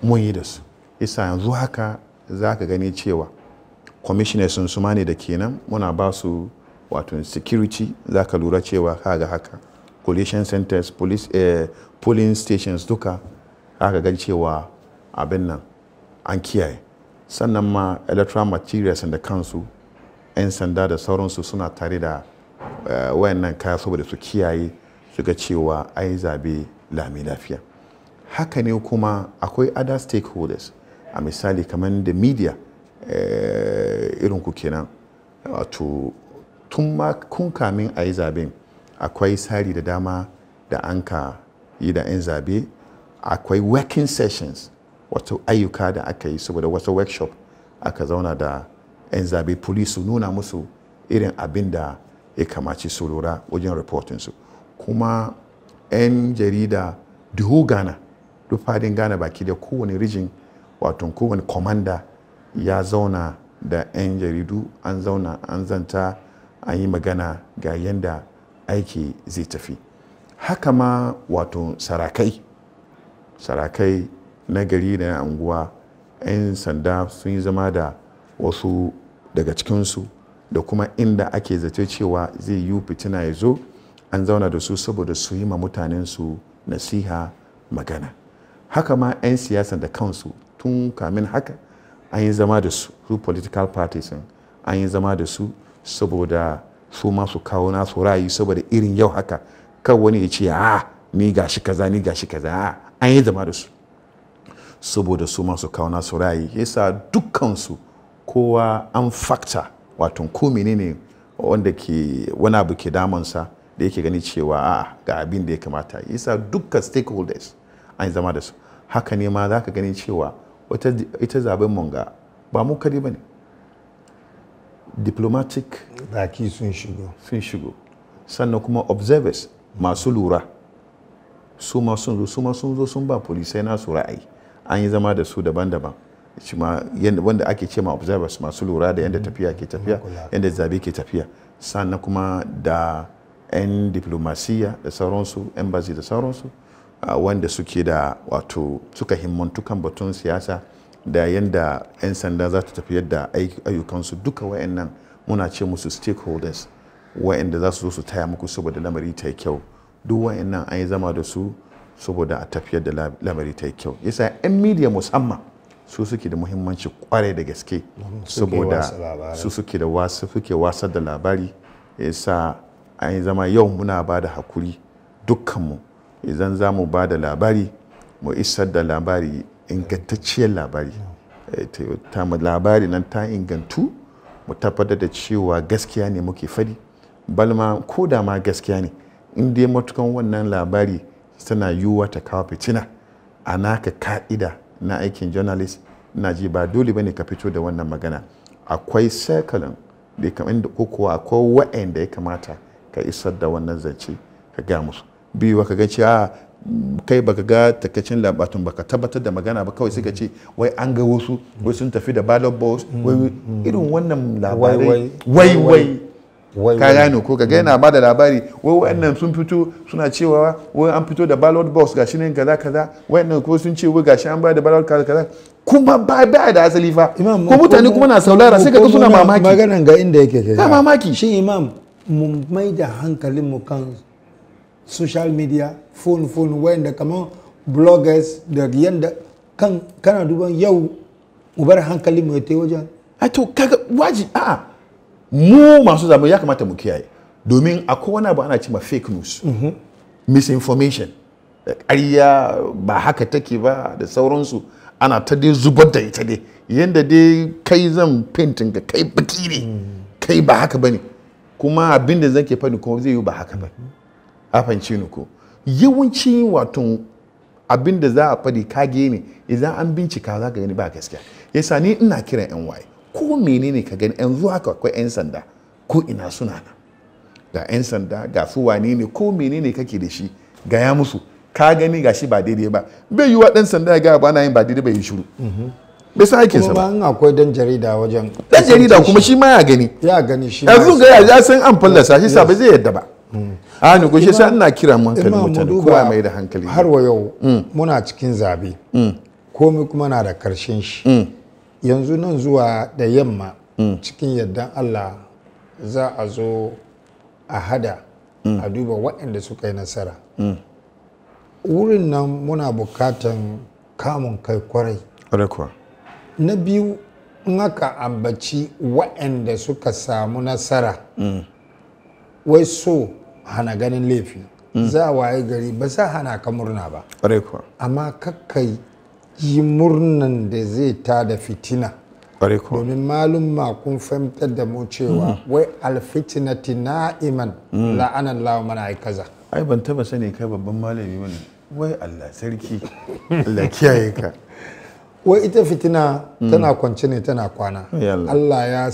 mun yi da su isa yanzu haka za ka gani cewa kwamishinan sun suma ne da kenan muna ba su wato security za ka lura cewa kaga haka collation centers police, eh, polling stations duka aka gan cewa abin nan an kiyaye sannan ma electoral materials da kansu 'yan sanda da sauransu suna tare da eh, wayannan kaya saboda su kiyaye su ga cewa yi zabe lami lafiya haka ne kuma akwai other stakeholders a misali kamar da media eh, irin ku kenan wato tun ma kun kamin a yi zaben akwai tsari da dama da an ka yi da 'yan zabe akwai working sessions wato ayyuka da aka yi saboda wata workshop aka zauna da 'yan zabe police su nuna musu irin abin da ya kamaci su lura wajen reportinsu kuma 'yan jarida duhu ghana dufadin fadin ghana baki da kowane rijin wato kowane commander ya zauna da 'yan jaridu an zauna an zanta an yi magana ga yadda aiki zai tafi haka ma wato sarakai sarakai na gari da na anguwa 'yan sanda sun yi zama da wasu daga cikinsu da kuma inda ake zato cewa zai yi fitina ya zo an zauna da su saboda su yi ma mutanensu nasiha magana haka ma 'yan siyasa da kansu tun kamin haka an yi zama da su su political parties an yi zama da su saboda su masu kawo nasu ra'ayi saboda irin yau haka kawo wani ya ce aa ni gashi kaza ni gashi kaza an yi zama da su saboda su masu kauna su ya yasa dukkansu kowa an fakta wato ko menene wanda ke wani abu ke damansa da yake gani cewa a ga abin da ya kamata yasa dukkan stakeholders an zama da su haka ne ma za ka gani cewa ita zaben munga ba mu kari ba ne diplomatic baki sun shigo sun shigo sannan kuma observers masu lura su ma sun zo su ma sun zo sun ba polisai nasu ra'ayi an yi zama da su daban-daban wanda ake ce ma observers masu lura da yadda mm-hmm. tafiya ke tafiya yadda zabe ke tafiya sannan kuma da 'yan diplomasiya da sauransu embassy da sauransu wanda suke da wato suka himmantu kan batun siyasa da yadda 'yan sanda za ta tafiyar da ayyukansu duka wayannan muna ce musu stakeholders wayanda za su zo su taya muku saboda lamari ta yi kyau duk nan an yi zama da su saboda a tafiyar da lamari ta yi kyau yasa 'yan midiya musamman su suke da muhimmanci kwarai da gaske saboda su suke da wasu suke wasar da labari yasa an yi zama yau muna ba da hakuri dukkanmu idan za mu ba da labari mu isar da labari ingantacciyar labari eh, ta labari nan ta ingantu mu tabbatar da cewa gaskiya ne muke fadi balma ko da ma gaskiya ne in dai matukan wannan labari tana yiwuwa ta kawo fitina a naka ka'ida na aikin journalist na ji ba dole bane ka fito da wannan magana akwai circling da kamar ko kuwa akwai wa'anda ya kamata ka isar da wannan zance ka ga musu biyu ka ga cewa ah, kai baka ga takacin labatun baka tabbatar da magana ba kawai suka ce wai an ga wasu wai sun tafi da ballot box wai mm, mm, irin mm. wannan labarai wai wai ka gane ko ka na mm. ba da labari wai wayannan sun fito suna cewa wai an fito da ballot box shi ne kaza kaza wayannan ko sun ce wai gashi an ba da ballot kaza kaza kuma ba ba da asali fa ko mutane kuma na saulara sai kaga suna mamaki maganan ga inda yake kai mamaki shi imam mu mai da hankalin mu kan social media phone phone wayanda kama bloggers da yanda kan kana duban yau ubar hankalin mu ya tai wajen a to kaga waji a'a mu masu zaɓe ya kamata mu kiyaye domin akwai wani abu ana cima fake news mm -hmm. misinformation ƙarya ba haka take ba da sauransu ana ta dai zubar da ita dai yadda dai kai zan fintin ka kai baki ne mm. kai ba haka ba ne kuma abin da zan ke faɗi kuma zai yi ba haka ba a fanci ni ko yawanci wato abin da za a faɗi kage ne idan an bincika za ka gani ba gaskiya yasa ni ina kiran yan waye ko menene ka gani yanzu haka akwai 'yan sanda ko ina suna nan ga 'yan sanda ga su wane ne ko menene kake da shi ya musu ka gani ga shi ba daidai ba bai wa dan sanda ya gaya ba na yin ba daidai bai yi shiru mhm. bai sa sa ba kuma akwai dan jarida wajen dan jarida kuma shi ma ya gani ya gani shi yanzu ga ya san an fallasa shi sa ba zai yadda ba mm. a ni ko shi sa ina kira mu hankali mutane kowa mai da hankali har wa yau mm. muna cikin zabe mm. komai kuma na da karshen shi yanzu nan zuwa da yamma mm. cikin yardan allah za a zo a hada mm. a duba waɗanda suka yi nasara mm. wurin nan muna bukatan kamun kai kwarai na biyu naka ambaci waɗanda suka samu nasara wai so hana ganin laifi za waye gari ba za hana ka murna ba amma kakkai yi murnan da zai ta da fitina domin malum kun fahimtar da mu cewa mm-hmm. wai alfitinati na'iman mm. la'anan lawa mana ai kaza ai ban taba sani kai babban malami wani. wai Allah sarki Allah kiyaye ka wai ita fitina mm. tana kwance ne tana kwana Allah ya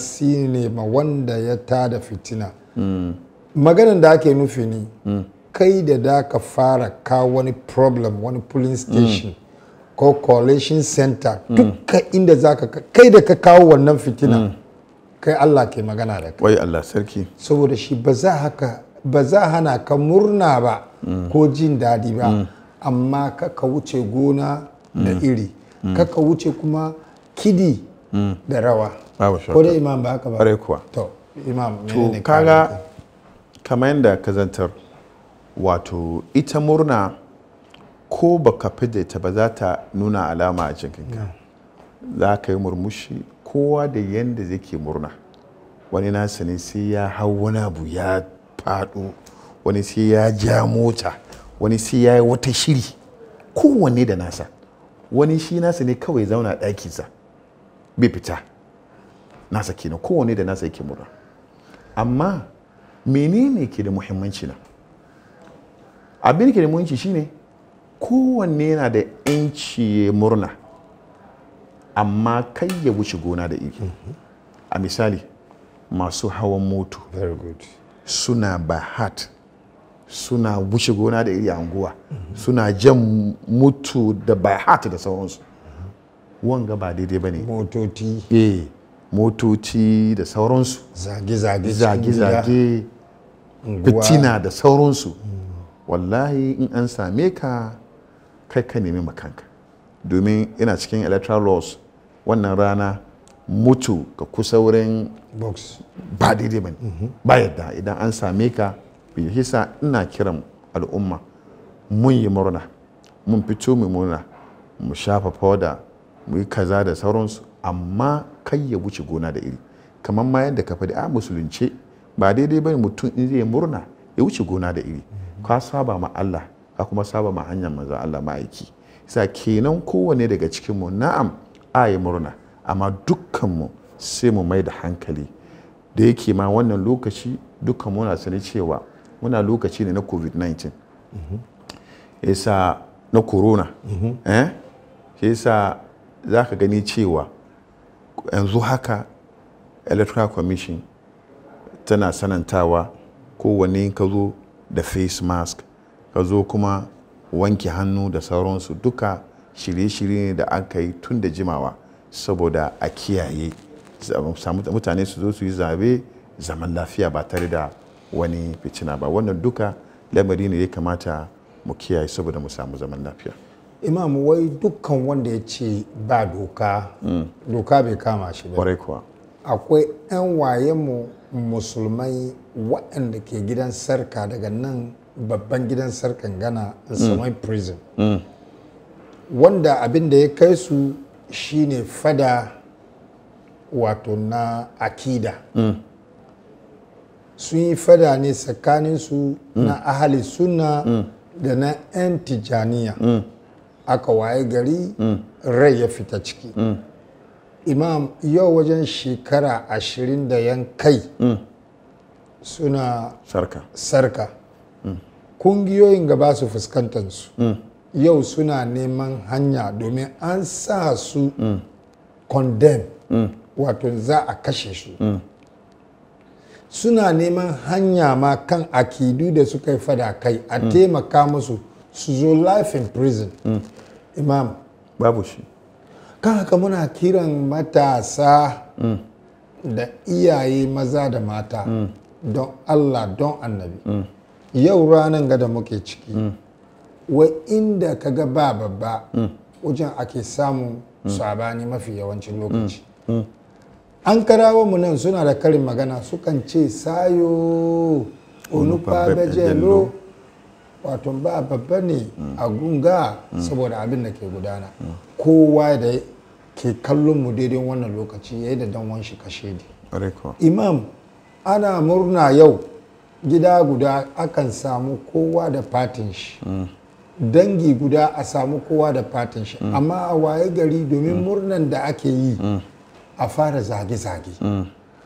ne ma wanda ya ta da fitina mm. maganan da ake nufi ne kai da da ka fara ka wani problem wani pulling station ko coalition center duka inda zaka kai da ka kawo wannan fitina mm. kai Allah ke magana da kai wai Allah sarki saboda shi ba za haka ba za hana ka murna ba mm. ko jin daɗi ba mm. amma ka ka wuce gona da iri Ka ka wuce kuma kidi da rawa ko da imam ba haka ba kuwa to imam to kaga kamar yadda ka zantar wato ita murna ko ba ka fide ta ba za ta nuna alama a cikinka za ka yi murmushi kowa da yadda zai ke murna wani nasa ne sai ya hau wani abu ya faɗo wani sai ya ja mota wani sai ya yi wata shiri kowanne da nasa wani shi nasa ne kawai zauna ɗakinsa bai fita nasa kenan kowanne da nasa yake murna amma menene ke da muhimmanci na abin da ke da muhimmanci shine kowanne yana da 'yanci murna amma kai ya wuce gona da iri a misali masu hawan moto suna bahat suna wuce gona da iri a anguwa suna jan mutu da bahat da sauransu wanga ba daidai ba ne motoci eh motoci da sauransu zage-zage zage-zage fitina da sauransu wallahi in an same ka kai ka nemi makanka domin ina cikin electoral laws wannan rana mutu ka kusa wurin box ba daidai ba mhm. ba yadda idan an same ka bai hisa ina kiran al'umma mun yi murna mun fito mu murna mu shafa foda mu yi kaza da sauransu amma kai ya wuce gona da iri kamar ma yadda ka faɗi a musulunce ba daidai bane mutum in zai murna ya wuce gona da iri ka saba ma Allah a kuma saba ma hanyar maza Allah ma'aiki sa kenan kowane daga cikinmu na'am a yi murna amma dukkanmu sai mu mai da hankali da yake ma wannan lokaci dukkan muna sani cewa muna lokaci ne na covid-19 yasa na corona eh? yasa za ka gani cewa yanzu haka electoral commission tana sanantawa kowane ka zo da face mask ka zo kuma wanke hannu da sauransu duka shirye-shirye ne da aka yi tun da jimawa saboda a kiyaye mutane su zo su yi zabe zaman lafiya ba tare da wani fitina ba wannan duka lamari ne ya kamata mu kiyaye saboda mu samu zaman lafiya imam wai dukkan wanda ya ce ba doka mm. doka bai kama shi ba akwai 'yan wayenmu musulmai waɗanda ke gidan sarka daga nan babban gidan sarkan gana mm. samai prison mm. wanda abin da ya kai su shine fada wato na akida mm. sun yi fada ne tsakaninsu na ahali suna da na 'yan tijaniya aka waye gari rai ya fita ciki imam yau wajen shekara ashirin da yan kai suna sarka kungiyoyin gaba su fuskantar su mm. yau suna neman hanya domin an sa su condemn mm. wato za a kashe su mm. suna neman hanya ma kan akidu da suka yi fada kai a taimaka musu su zo life in prison imam babu shi kan haka muna kiran matasa da iyaye maza da mata don allah don annabi yau ranar ga da muke ciki mm. wa inda ka ga ba babba mm. wajen ake samun mm. sabani mafi yawancin lokaci an karawo mu nan suna da karin magana sukan ce sayo onufa bejelo wato ba babba ne a gunga saboda abin da ke gudana kowa da ke kallon mu daidai wannan lokaci ya yi da danwan wanshi kashe imam ana murna yau gida guda akan samu kowa da fatin shi dangi guda a samu kowa da fatin shi amma a waye gari domin murnan da ake yi a fara zage-zage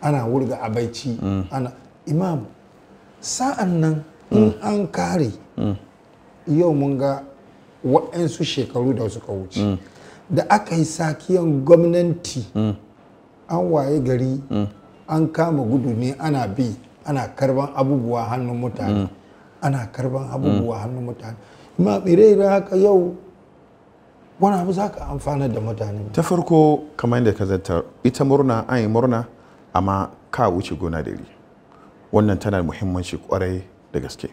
ana wurga abaici ana imam sa'an nan in an kare yau mun ga waɗansu shekaru da suka wuce da aka yi sakiyan gwamnati an waye gari an kama gudu ne ana bi ana karban abubuwa hannun mutane mm. ana karban mm. abubuwa hannun mutane ma ire haka yau wani abu za ka amfana da mutane ta farko kamar yadda ka zanta ita murna an yi murna amma ka wuce gona da ri wannan tana da muhimmanci kwarai da gaske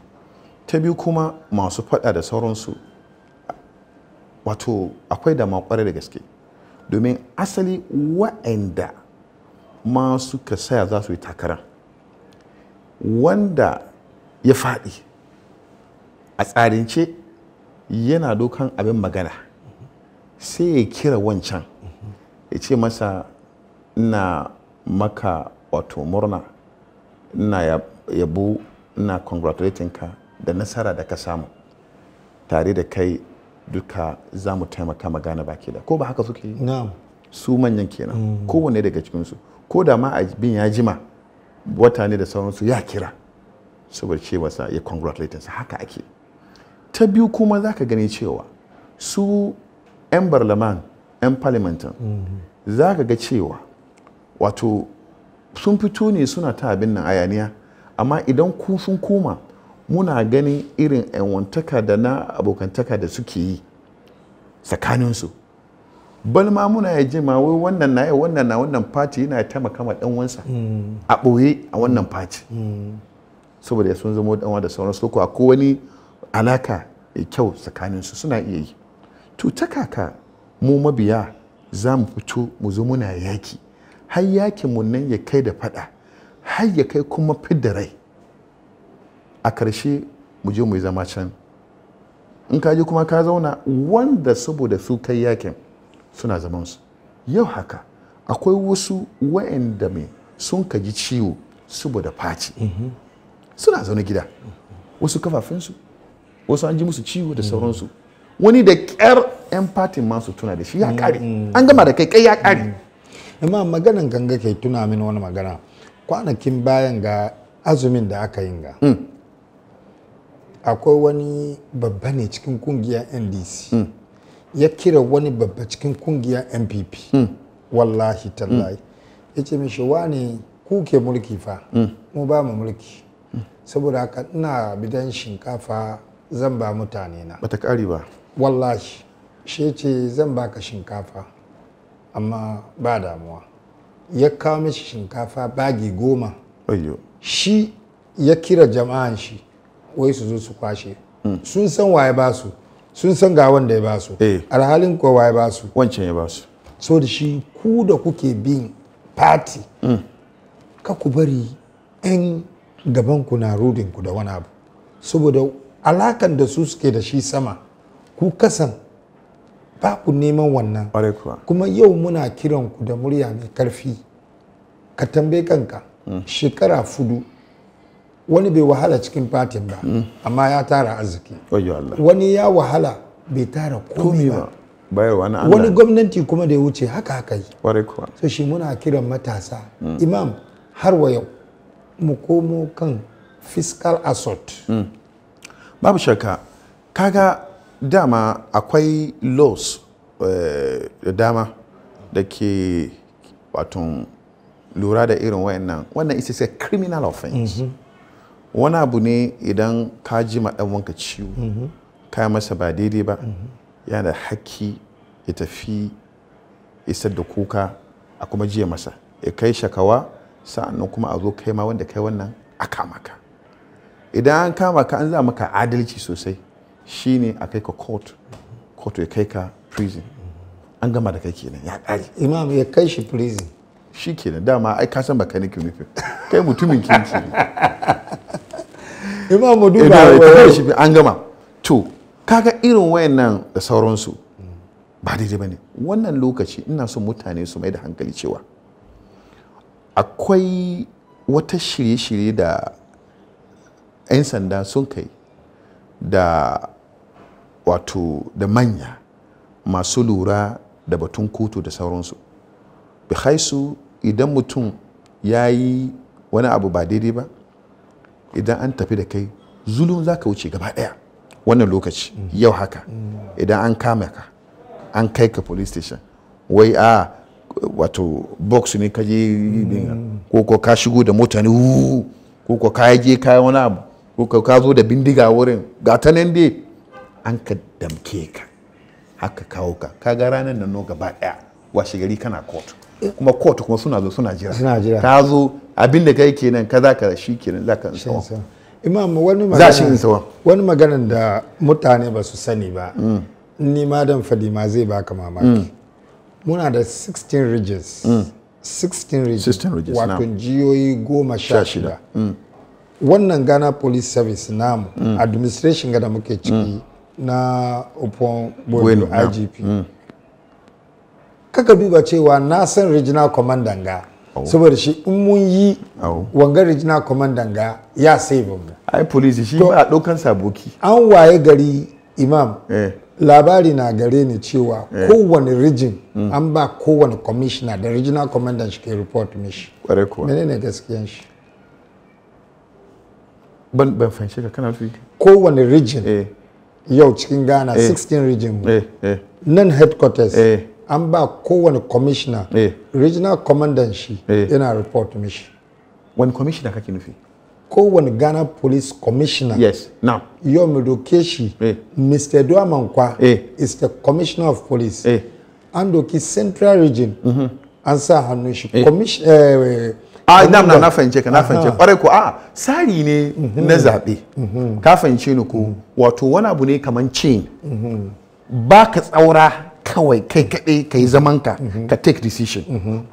ta biyu kuma masu faɗa da sauransu wato akwai da kwarai da gaske domin asali wa'anda masu ka saya za su yi takara wanda ya faɗi a tsarince yana dokan abin magana sai ya kira wancan ya ce masa ina maka wato murna ina yabo ina congratulating ka da nasara da ka samu tare da kai duka za mu taimaka magana baki da ko ba haka suke yi su manyan kenan kowane daga cikinsu ko da ma bin ya jima wata ne da sauransu ya kira saboda ce masa ya congratulate sa haka ake ta biyu kuma za ka gani cewa su 'yan barlaman 'yan parliamentin za ka ga cewa wato sun fito ne suna ta abin nan ayaniya amma idan ku sun koma muna ganin irin 'yan da na abokantaka da suke yi tsakaninsu Bal ma muna ya jima wai wannan na wannan na wannan fati yana taimaka ma dan wansa a ɓoye a wannan fati saboda sun zama danwa da a ko wani alaka e kyau su suna iya yi to ta kaka mu mabiya za mu fito mu zo muna yaki har yakin mu nan ya kai da fada har ya kai kuma fidda rai a karshe mu je mu yi zama can in ka je kuma ka zauna wanda saboda su kai yakin suna zamansu yau haka akwai wasu wa'anda mai sun kaji ciwo saboda faci suna zaune gida wasu kafafinsu wasu an ji musu ciwo da sauransu wani da ƙyar 'yan fatin masu tuna da shi ya kare an gama da kai kai ya kare amma maganan ganga kai tuna min wani magana kwanakin bayan ga azumin da aka yin ga mm. akwai wani babba ne cikin kungiyar ndc mm. ya kira wani babba cikin kungiyar npp hmm. wallahi hmm. tallahi ya ce mishi ne kuke mulki fa hmm. mu ba mu mulki saboda haka ina bidan shinkafa zan ba mutane na bata kari ba wallahi shi ce zan baka shinkafa amma ba damuwa ya kawo mishi shinkafa bagi goma shi ya kira jama'an shi wai su zo su kwashe sun san waye ba su sun san ga wanda ya basu eh. alhalin kowa ya basu wancan ya basu so da shi ku da kuke bin party mm. ka ku bari 'yan gaban ku na rudin ku da wani abu saboda alakan da su suke da shi sama ku kasan ba ku neman wannan kuma yau muna kiran ku da murya mai karfi ka tambaye kanka mm. shekara fudu wani bai wahala cikin fatin ba amma ya tara arziki wani ya wahala bai tara komi ba wani gwamnati kuma da ya wuce haka haka yi so shi muna kiran matasa hmm. imam har wa yau mu komo kan fiscal assault hmm. babu shakka kaga dama akwai laws eh, da dama da ke wato lura da irin wayannan wannan isa criminal offense mm-hmm. wani abu ne idan ka ji maɗanwanka ciwo mm-hmm. ka masa ba daidai ba yana da haƙƙi ya tafi isar da kuka a kuma jiya masa ya kai shakawa sa'annan kuma a zo kai ma wanda kai wannan a kama ka idan an kama ka an za maka adalci sosai shine a kai ka court court ya kai ka prison an gama da kai kenan ya ɗari imam ya kai shi prison shi kenan dama ai ka san ba kai kai mutumin kinki imam mu duba shi an gama to kaga irin wayannan da sauransu ba daidai bane wannan lokaci ina son mutane su mai da hankali cewa akwai wata shirye-shirye da 'yan sanda sun kai da wato da manya masu lura da batun kotu da sauransu bihaisu idan mutum ya yi wani abu ba daidai ba idan an tafi da kai zulun za ka wuce gaba ɗaya wannan lokaci yau haka idan an kama ka an kai ka police station wai a ah, wato box ne ka je ko ko ka shigo da mota ne ko ko ka je ka wani abu ko ko ka zo da bindiga wurin ga ta nan dai an ka damke ka haka kawo ka kaga ranar nan no gaba daya washe gari kana kotu kuma court kuma suna zo suna jira suna jira ta zo abin da kai kenan kaza ka shi kenan za ka tsawon imam wani magana wani magana da mutane ba su sani ba mm. ni ma dan fadi ma zai baka mamaki mm. muna da 16 ridges. 16 ridges. wato jiyoyi goma sha shida mm. wannan ghana police service namu administration ga da muke ciki na upon bueno igp kaka duba cewa na san regional commander ga oh. saboda shi in mun yi oh. wangar regional commander ga ya save mu ai police shi ba dokan saboki an waye gari imam eh. labari na gare ni cewa eh. kowane region hmm. an ba kowane commissioner da regional commander shi ke report mishi menene gaskiyan shi ban ban fahimci ka kana tuyi kowane region eh. yau cikin Ghana 16 region nan headquarters an ba kowane commissioner eh. regional commandant shi eh. yana eh. report mishi wani commissioner kake nufi kowane ghana police commissioner yes now yomi doke shi eh. mr duamankwa eh. is the commissioner of police eh. an doki central region mm -hmm. an sa hannun shi eh. commission eh, a ah, na na na fahimce ka na fahimce kwarai ko a ah, tsari ne mm-hmm. na zaɓe mm-hmm. ka fahimce ni ko mm-hmm. wato wani abu ne kamar chain ba ka tsaura kawai kai kaɗai ka yi zaman mhm. ka take decision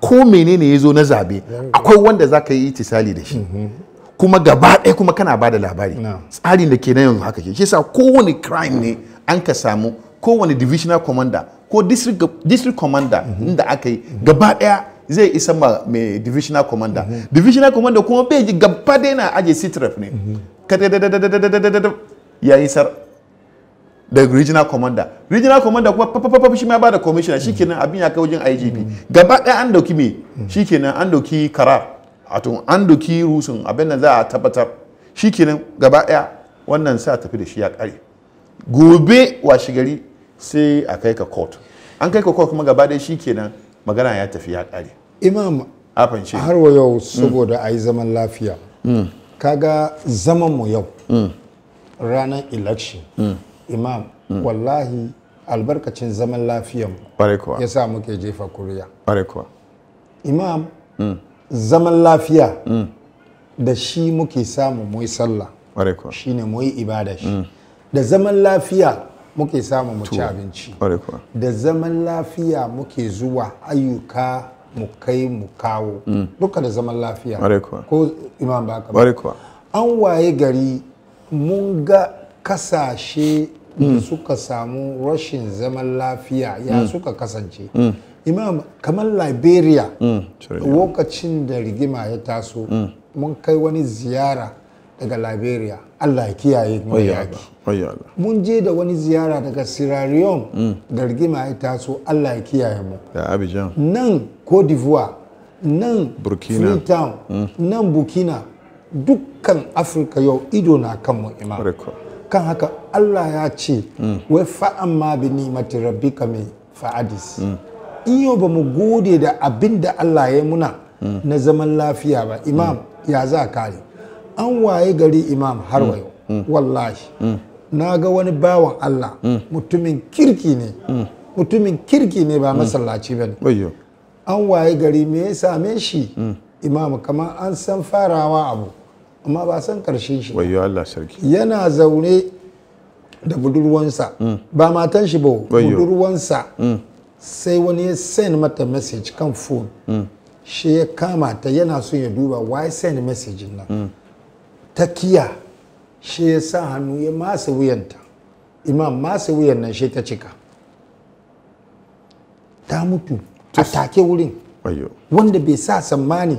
ko menene ya zo na zabe akwai wanda za ka yi tisali da shi mhm. kuma gaba ɗaya kuma kana ba da labari tsarin da ke na yanzu haka ke shi sa kowane crime ne an ka samu kowane divisional commander ko district commander mhm. inda aka yi gaba ɗaya zai isa ma mai divisional commander divisional commander kuma bai gaba ɗaya na aje sitref ne yayi sar da regional commander regional commander kuma papapapa shi ma ba da commissioner mm. shikenan abin ya kai wajen igp gaba ɗaya an dauki me mm. shikenan an dauki karar wato an dauki rusun abin da za a tabbatar shikenan gaba ɗaya wannan sa tafi da shi ya kare gobe washe gari sai a kai ka court an kai ka court kuma gaba ɗaya shikenan magana ya tafi ya kare imam afance har wa yau mm. saboda a yi zaman lafiya kaga zaman mu yau ranar election imam wallahi albarkacin zaman lafiyan ya sa muke jefa kuriya imam mm. zaman lafiya mm. da shi muke samu mu yi sallah shi ne mu ibada shi mm. da zaman lafiya muke samu mu ci abinci da zaman lafiya muke zuwa ayyuka mu kai mu kawo duka da zaman lafiya ko imam baka an waye gari mun ga kasashe da hmm. suka samu rashin zaman lafiya ya hmm. suka kasance hmm. imam kamar liberia lokacin da rigima ya taso mun kai wani ziyara daga liberia allah ya kiyaye yaki mun je da wani ziyara daga sierra leone da rigima ya taso allah ya kiyaye mu nan cote d'ivoire nan freetown nan burkina dukkan afirka yau ido na kanmu imam kan haka Allah ya ce wai fa'an ma bi ka rabbika mai fa'adis yau ba mu gode da abin da Allah ya muna na zaman lafiya ba imam ya za kare an waye gari imam har wayo wallahi na ga wani bawan Allah mutumin kirki ne mutumin kirki ne ba masallaci ba ne an waye gari me ya same shi imam kamar an san farawa abu amma ba san karshe shi wayo Allah yana zaune da budurwansa mm. ba matan shi ba budurwansa mm. sai wani ya send mata message kan phone mm. shi ya kama ta yana son ya duba why send message nan ta kiya shi ya sa hannu ya masa wuyanta imam masa wuyan nan shi ta cika ta mutu a take wurin wanda bai sa tsammani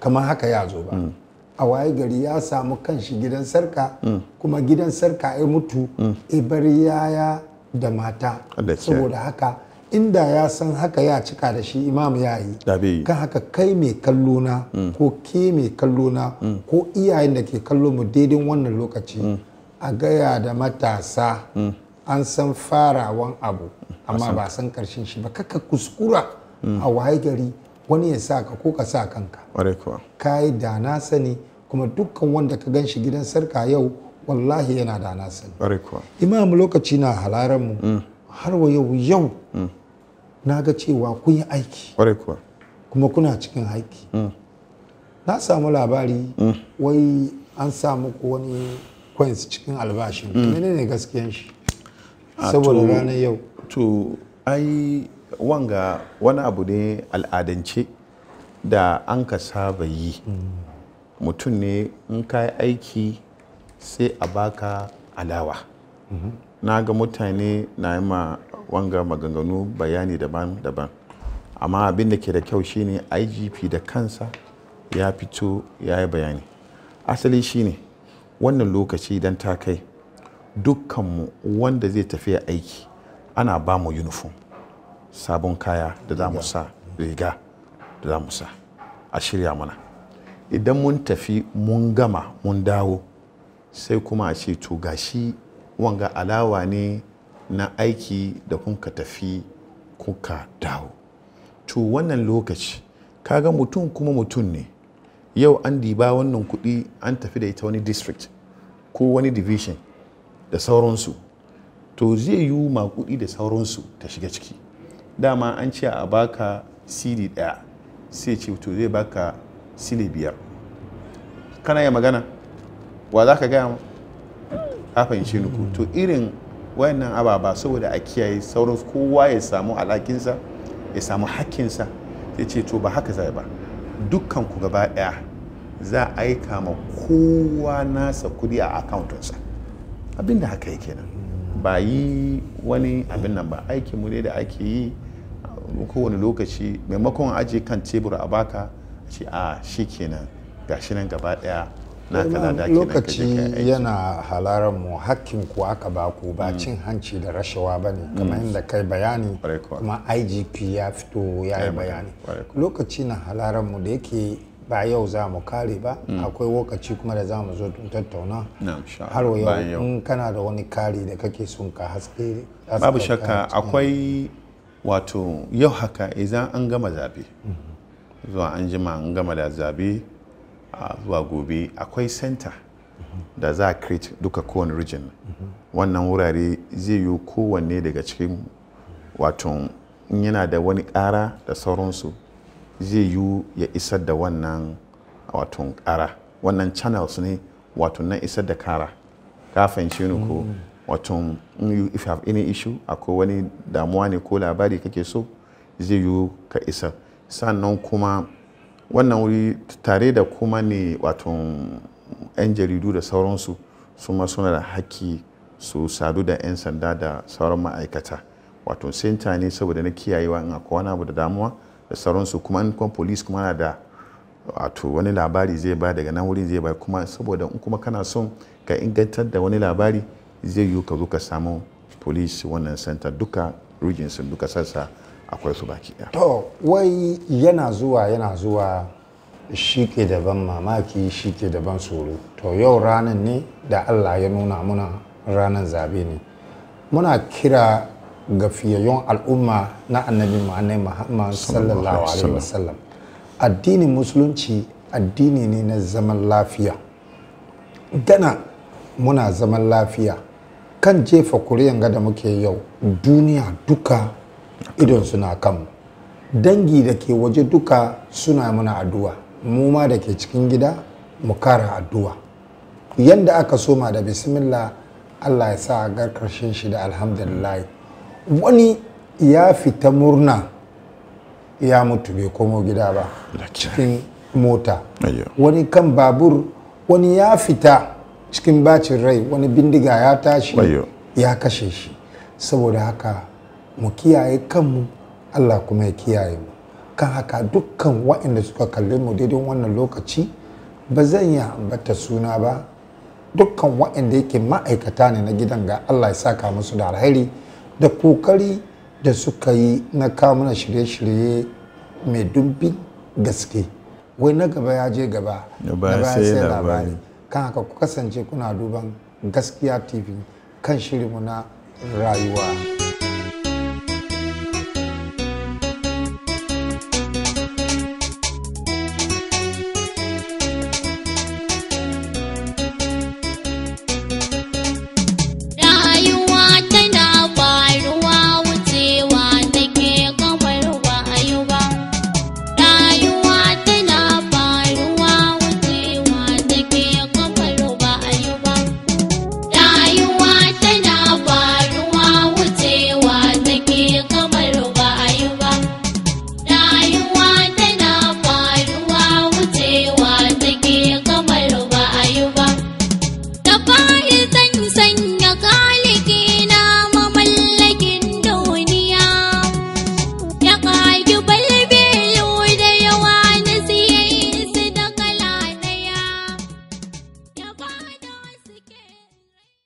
kamar haka ya zo ba a waye gari ya samu kanshi gidan sarka kuma gidan sarka ya mutu ibar yaya da mata saboda haka inda ya san haka ya cika da shi imam ya yi kan haka kai mai kallo na ko ke mai kallo na ko iyayen da ke kallo mu daidai wannan lokaci a gaya da matasa an san farawan abu amma ba san karshen shi ba kaka kuskura a waye gari wani ya sa ka ko ka sa kanka ka yi da na sani kuma dukkan wanda ka gan shi gidan sarka yau wallahi yana da na sani imam lokaci na halaran mu mm. har wa yau yau mm. na ga cewa kun yi aiki kuma kuna cikin aiki mm. na samu labari wai an samu ko wani coins cikin albashi. menene ne gaskiyan shi ah, saboda ranar yau to ai wanga wani abu ne al'adance da an ka saba yi mutum ne in ka yi aiki sai a baka alawa na ga mutane na yi ma wanga maganganu bayani daban-daban amma abin da ke da kyau shine igp da kansa ya fito ya yi bayani asali shine wannan lokaci idan ta kai dukkanmu wanda zai tafiya aiki ana ba mu uniform sabon kaya da za mu sa riga da za mu sa a shirya mana idan mun tafi mun gama mun dawo sai kuma a ce to gashi wanga alawa ne na aiki da ka tafi kuka dawo to wannan lokaci kaga mutum kuma mutum ne yau an diba wannan kuɗi an tafi da ita wani district ko wani division da sauransu to zai yi kuɗi da sauransu ta shiga ciki dama an ce a baka cd daya sai ce to zai baka siri biyar kana ya magana wa za ka gaya ka fahimci nuku. to irin wayannan ababa saboda a kiyaye sauran kowa ya samu alakinsa ya samu hakkinsa sai ce to ba haka zai ba dukkan ku gaba daya za a aika ma kowa nasa kudi a akauntinsa abinda haka yake nan ba yi wani abin nan ba aikinmu ne da ake yi kowane lokaci maimakon aje kan tebur a baka ce a ah, shi kenan gashi nan gaba daya na kaza da lokaci yana halaran mu hakkin ku aka baku ba mm. cin hanci da rashawa ba ne mm. kamar yadda kai bayani kuma igp ya fito ya yi bayani lokaci na halaran mu da yake ba yau za mu kare ba mm. akwai lokaci kuma da za mu zo tattauna har yau in kana da wani kari da kake son ka haske babu shakka akwai wato yau haka idan an gama zabe zuwa an jima an gama da zabe zuwa gobe akwai center da za a create duka kowane region wannan wurare zai yi kowanne daga cikin wato yana da wani ƙara da sauransu zai yi ya isar da wannan wato ƙara wannan channels ne wato na isar da kara kafin shi ko mm. wato if you have any issue akwai wani damuwa ne ko labari kake so zai yiwu ka isa sannan kuma wannan wuri tare da kuma ne wato 'yan jaridu da sauransu su ma suna da haƙƙi su sadu da 'yan sanda da sauran ma'aikata wato senta ne saboda na kiyayewa in akwai wani abu da damuwa da sauransu kuma in kuma police kuma na da wato wani labari zai ba daga nan wurin zai ba kuma saboda in kuma kana son ka ingantar da wani labari zai yiwu ka zo ka samu police wannan center duka regions duka sassa akwai su baki ɗaya. to wai yana zuwa yana zuwa shi ke daban mamaki shi ke daban tsoro to yau ranar ne da allah ya nuna muna ranar zabe ne muna kira ga fiyayyun al'umma na annabi muhammad sallallahu alaihi wasallam addinin musulunci addini ne na zaman lafiya dana muna zaman lafiya kan jefa kuriyan ga da muke yau duniya duka idon suna kanmu dangi da ke waje duka suna muna addu'a mu ma da ke cikin gida mu kara addu'a yanda aka soma da bismillah allah ya sa a ga karshen shi da alhamdulillah wani ya fita murna ya mutu bai komo gida ba cikin mota wani kan babur wani ya fita cikin bacin rai wani bindiga ya tashi ya kashe shi saboda haka mu kiyaye kanmu Allah kuma ya kiyaye mu kan haka dukkan waɗanda suka kalli mu daidai wannan lokaci ba zan yi ambata suna ba dukkan waɗanda yake ma'aikata ne na gidan ga Allah ya saka musu da alheri da kokari da suka yi na kamuna shirye-shirye mai dumbin gaske wai na gaba ya je gaba na baya sai labari kan haka ku kasance kuna duban gaskiya tv kan shirinmu na rayuwa.